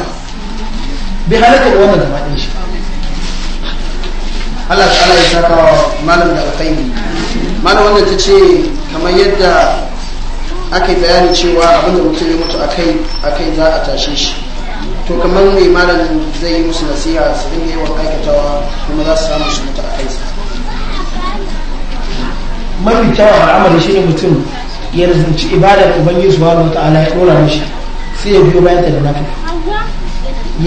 ba halatta da wannan gaba shi Allah ta Allah ya saka wa malam da alkhairi malam wannan ta ce kamar yadda aka yi bayani cewa abinda mutum ya mutu akai akai za a tashe shi to kamar mai malamin zai yi musu nasiha su dinga yawan aikatawa kuma za su samu shi mutu a kai mafi kyawun al'amari shi ne mutum ya rizinci ibadar ubangiji subhanahu wa ta'ala ya dora mishi sai ya biyo bayan ta da nafi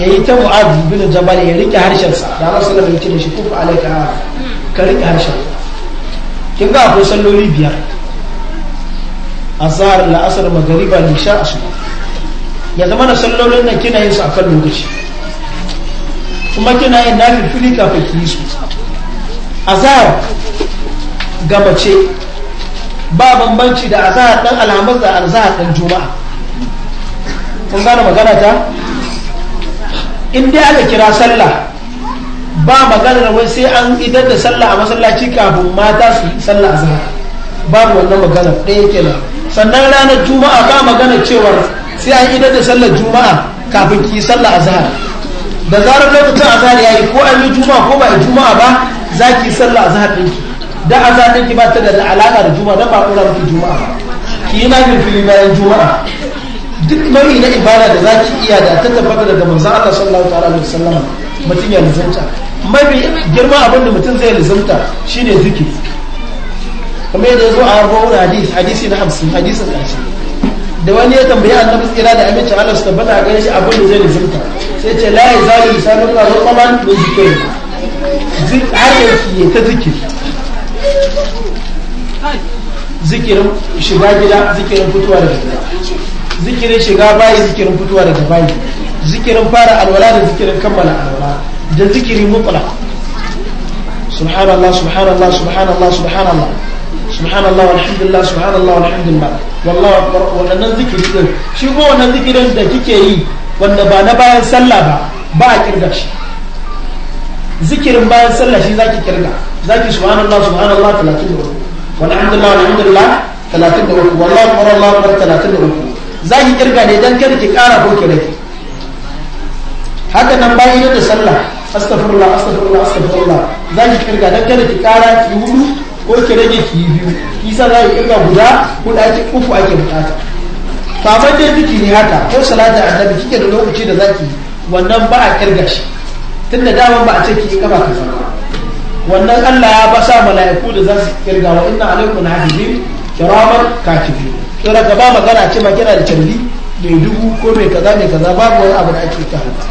ya yi ta mu'az bin jabal ya rike harshensa da rasu da bai shi kuku alaika ka rike harshen kin ga akwai salloli biyar azhar la'asar magariba lisha asuba ya zama na sallolin nan kina yin su akan lokaci kuma kina yin na fili kafin ki yi su za ga mace ba bambanci da azahar ɗan alhamis da azahar ɗan juma'a kun gane magana ta in dai aka kira sallah ba maganar wai sai an idan da sallah a masallaci kafin mata su yi sallah azhar babu wannan maganar ɗaya kenan sannan ranar juma'a ba magana cewar sai an idar da sallar juma'a kafin ki sallar azhar da zarar lokacin azhar yayi ko an yi juma'a ko ba a juma'a ba za ki sallar azhar din ki da azhar din ki ba ta da alaƙa da juma'a da ba ƙura miki juma'a ki yi nafil fili bayan juma'a duk nau'i na ibada da za ki iya da ta tabbata daga manzan Allah sallallahu ta'ala wa sallama mutum ya lizanta mafi girma abin da mutum zai lizanta shine zikiri kamar yadda ya zo a harbar hadisi hadisi na hamsin hadisin ƙarshe da wani ya tambayi annabi tsira da aminci Allah su tabbata a gare shi abin da zai nufinta sai ce la yazalu lisanun ka ruqaman min zikri zikirin ya ta zikiri zikirin shiga gida zikirin fitowa daga gida zikirin shiga bayi zikirin fitowa daga bayi zikirin fara alwala da zikirin kammala alwala da zikiri mutlaq subhanallah subhanallah subhanallah subhanallah subhanallah walhamdulillah subhanallah walhamdulillah wallahu akbar wannan zikiri din shi zikirin da kike yi wanda ba na bayan sallah ba a kirga shi zikirin bayan sallah shi zaki kirga zaki subhanallah subhanallah 33 walhamdulillah walhamdulillah 33 wallahu akbar wallahu akbar 33 zaki kirga ne dan kada ki kara ko ki rage haka nan bayan yadda sallah astaghfirullah astaghfirullah astaghfirullah zaki kirga dan kada ki kara ki hudu ko ki rage ki yi biyu kisa za ki kirga guda guda ake ufu ake bukata faman dai ne haka ko salata annabi kike da lokaci da zaki wannan ba a kirga shi tunda daman ba a ce ki yi kafa kaza wannan Allah ya ba sa mala'iku da za su kirga wa inna alaikum hafizin kiraman katibi to daga ba magana ce ma kina da tabli mai dubu ko mai kaza mai kaza babu wani abu da ake ta haka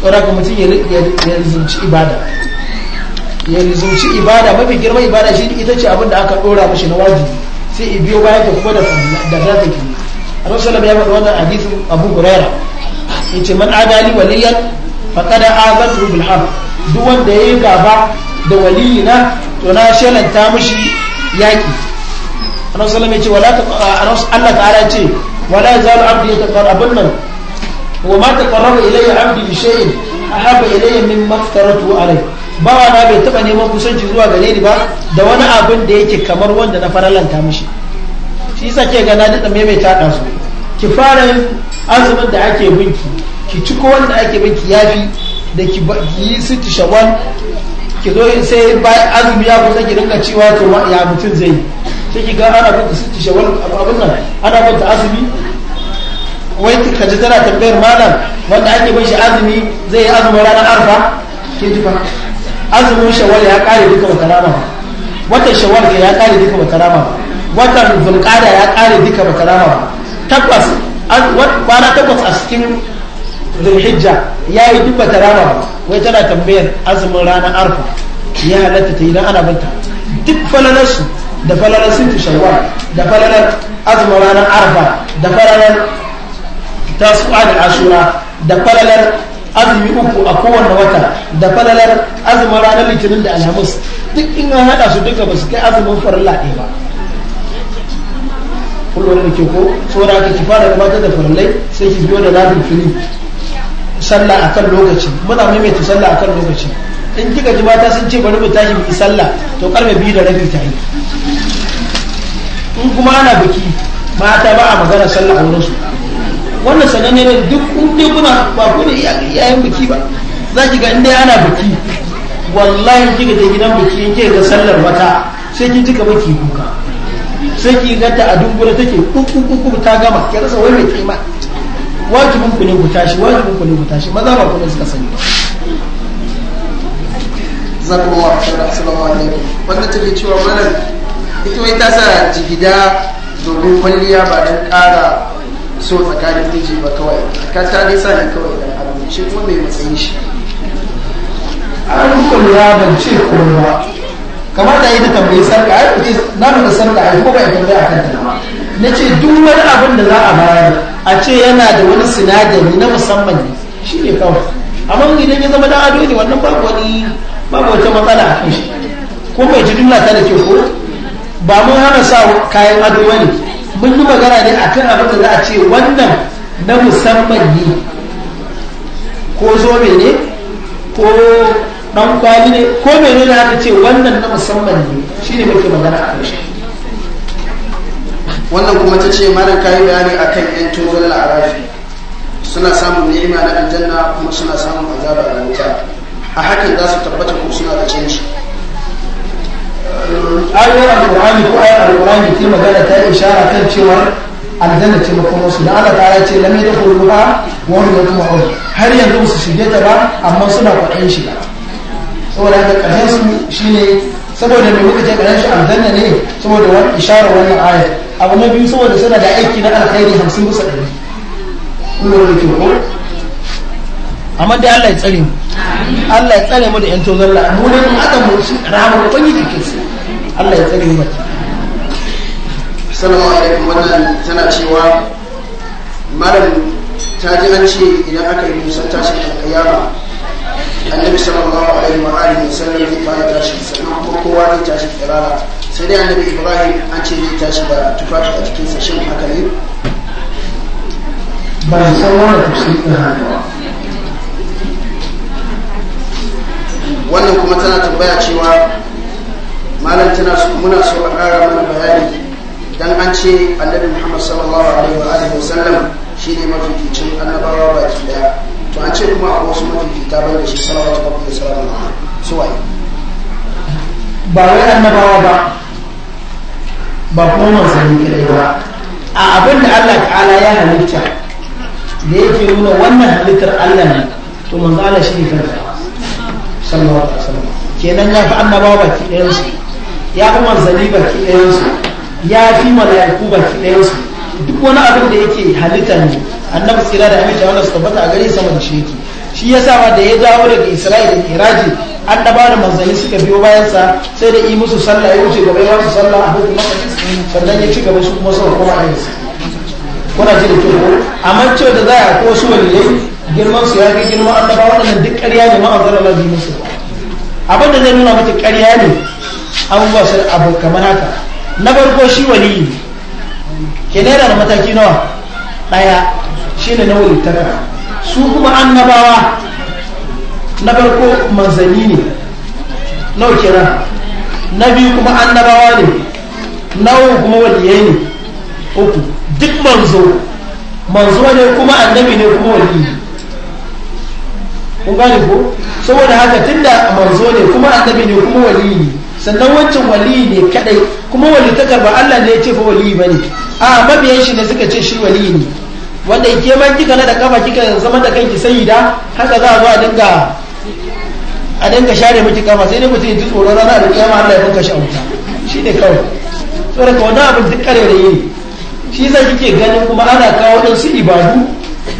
to daga mutum ya ci ibada ya lizumci ibada mafi girman ibada shi ita ce abin da aka dora mashi na wajibi sai i biyo bayan ta kuma da da ke annabi sallallahu ya faɗi wannan hadisin abu huraira ce man adali waliyan faqad azatu bil har duk wanda yi gaba da waliyina to na shalanta mishi yaki annabi ya ce wala ta Allah ta'ala ce wala zalu abdi yataqarrabun nan wa ma ta taqarraba ilayya abdi bi shay'in ahabba ilayya mimma aftaratu alayhi bawa na bai taba neman kusanci zuwa gare ni ba da wani abin da yake kamar wanda na faralanta mishi shi yasa ke gana duka maimaita da su ki fara azumin da ake binki ki ciko wanda ake binki yafi da ki yi sitti shawwal ki zo sai bai azumi ya kusa ki dinga cewa to ya mutum zai sai ki ga ana binta sitti shawwal abin nan ana binta azumi wai ki kaji tana tambayar malam wanda ake bin shi azumi zai yi azumin ranar arfa ke ji fara azumin shawwal ya kare duka baka rama ba watan shawwal ya kare duka baka rama ba watan zulqada ya kare duka baka rama ba tabbas kwana takwas a cikin zulhijja ya yi duk bata rama ba wai tana tambayar azumin ranar arfa ya halatta ta idan ana banta duk falalarsu da falalar sintu shawwal da falalar azumin ranar arfa da falalar tasu'a da ashura da falalar azumi uku a kowane wata da falalar azumin ranar litinin da alhamis duk in an haɗa su duka ba su kai azumin farin laɗe ba kullum da ke ko tsora ka ki fara gabatar da farillai sai ki biyo da rabin fili sallah akan lokaci muna maimaita sallah akan lokaci in kika ji mata sun ce bari mu tashi mu yi sallah to karfe biyu da rabi ta yi in kuma ana biki mata ba a magana sallah a su wannan sananne ne duk inda kuna ba ku ne iyayen biki ba za ki ga inda ana biki wallahi kika je gidan biki in kika ga sallar wata sai kin ji baki ki kuka sai ki ga ta a dubura take kukukuku ta gama ki rasa wai mai kima wajibin ku ne ku tashi wajibin ku ne ku tashi maza ba ne suka sani ba zakallahu khairan assalamu cewa malam ita wai ta sa jigida domin kwalliya ba dan ƙara. so tsakanin miji ba kawai ka ta dai sa ne kawai dan abu shi kuma mai matsayin shi an kulla ban ce kowa kamar da yi ta tambayi sarka ai kuke na da sarka ai ko ba ya tambaya akan ta ba na ce duk wani abin da za a bayar a ce yana da wani sinadari na musamman ne shi ne kawai amma idan ya zama dan ado ne wannan babu wani babu wata matsala a kan shi ko bai ji duniya ta da ke ko ba mun hana sa kayan ado ne. mun yi magana ne kan abin da za a ce wannan na musamman ne ko zobe ne ko dan kwali ne ko mene ne aka ce wannan na musamman ne shine muke magana a ƙarshe wannan kuma ta ce mara kayi bayani kan yan turolar arafi suna samun ni'ima na aljanna kuma suna samun azaba a wuta a hakan za su tabbata ko suna da canji ayoyin alkur'ani ko ayar alkur'ani ke magana ta ishara kan cewa aljanna ce wasu da Allah ta ce lamai da kurba wani da kuma aure har yanzu su shige ta ba amma suna kwaɗayin shiga saboda haka ƙarshen su shine saboda mai muka ce ƙarshen shi aljanna ne saboda wani ishara wani ayar abu na biyu saboda suna da aiki na alkhairi hamsin bisa ɗari Kuma wani ke ko amma dai Allah ya tsare mu Allah ya tsare mu da yan tozon la'a mu ne mu aka mu rahama ubangiji ke su Allah ya tsare mu Salamu alaikum wannan tana cewa malam ta ji an ce idan aka yi musan tashi a kiyama annabi sallallahu alaihi wa alihi wa sallam zai fara tashi sannan kuma kowa zai tashi kirara sai dai annabi ibrahim an ce zai tashi da tufafi a cikin sashen haka ne ba san wani tafsirin haka wannan kuma tana tambaya cewa malam muna so a kara mana bayani dan an ce annabi muhammad sallallahu alaihi wa alihi wasallam shine mafificin annabawa baki daya to an ce kuma a wasu mafifita bai da shi sallallahu alaihi wa sallam su waye ba wai annabawa ba ba kuma manzanni kadai ba a abin da Allah ta'ala ya halitta da yake nuna wannan halittar Allah ne to manzo Allah shi ne kansa sallallahu alaihi sallam kenan ya fi annabawa baki ɗayan ɗayansu. ya fi manzanni baki ɗayansu ya fi mala'iku baki ɗayansu duk wani abin da yake halitta ne annabi tsira da amince wanda su tabbata a gare sama da sheki shi ya sa da ya dawo daga isra'ila da iraji an daba da manzanni suka biyo bayan sa sai da yi musu sallah ya wuce gaba ya wasu sallah a hukumar sannan ya ci gaba su kuma sauran kuma a yanzu kuna ji da kyau amma cewa da za a ko su waliyai girman su ya fi girman annabawa waɗannan duk ƙarya ne ma'azara lafi musu ba abinda zai nuna miki ƙarya ne abubuwa su abu kamar haka na farko shi wani yi ke naira da mataki nawa ɗaya shi ne na tara su kuma annabawa na farko manzanni ne na kenan na biyu kuma annabawa ne na uku kuma waliyai ne uku duk manzo manzo ne kuma annabi ne kuma yi. kun gane ko saboda haka tunda manzo ne kuma annabi ne kuma waliyi ne sannan wancan waliyi ne kadai kuma ta karba Allah ne ya ce fa waliyi bane a mabiyan shi ne suka ce shi waliyi ne wanda ke man kika na da kafa kika zama da kanki sayyida haka za a zo a dinga a dinga share miki kafa sai dai mutum ya ji tsoron rana da kiyama Allah ya fanka shi a wuta shi ne kawai saboda ka wannan abin duk kare da yi shi zai kike ganin kuma ana kawo ɗansu ibadu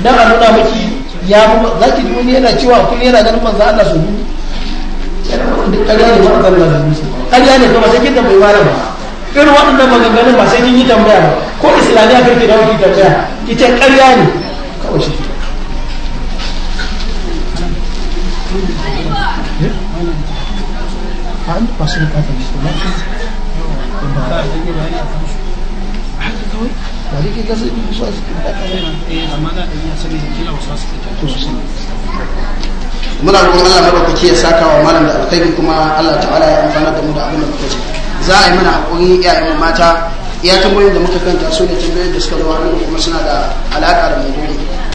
dan a nuna miki ya fi za ki ji wani yana cewa yana ganin manzo Allah su ƙarya ne ba Allah musu ƙarya ne kuma sai tambayi malam irin waɗannan maganganun ba sai kin yi tambaya ko islamiyya ki dawo ki tambaya ki ƙarya muna roƙon Allah madaukaki ya saka wa malam da alkhairi kuma Allah ta'ala ya amfana da mu da abin da muka ce za a yi mana hakuri iyayen mata iya tambayoyin da muka kanta su ne tambayoyin da suka zama kuma suna da alaƙa da mai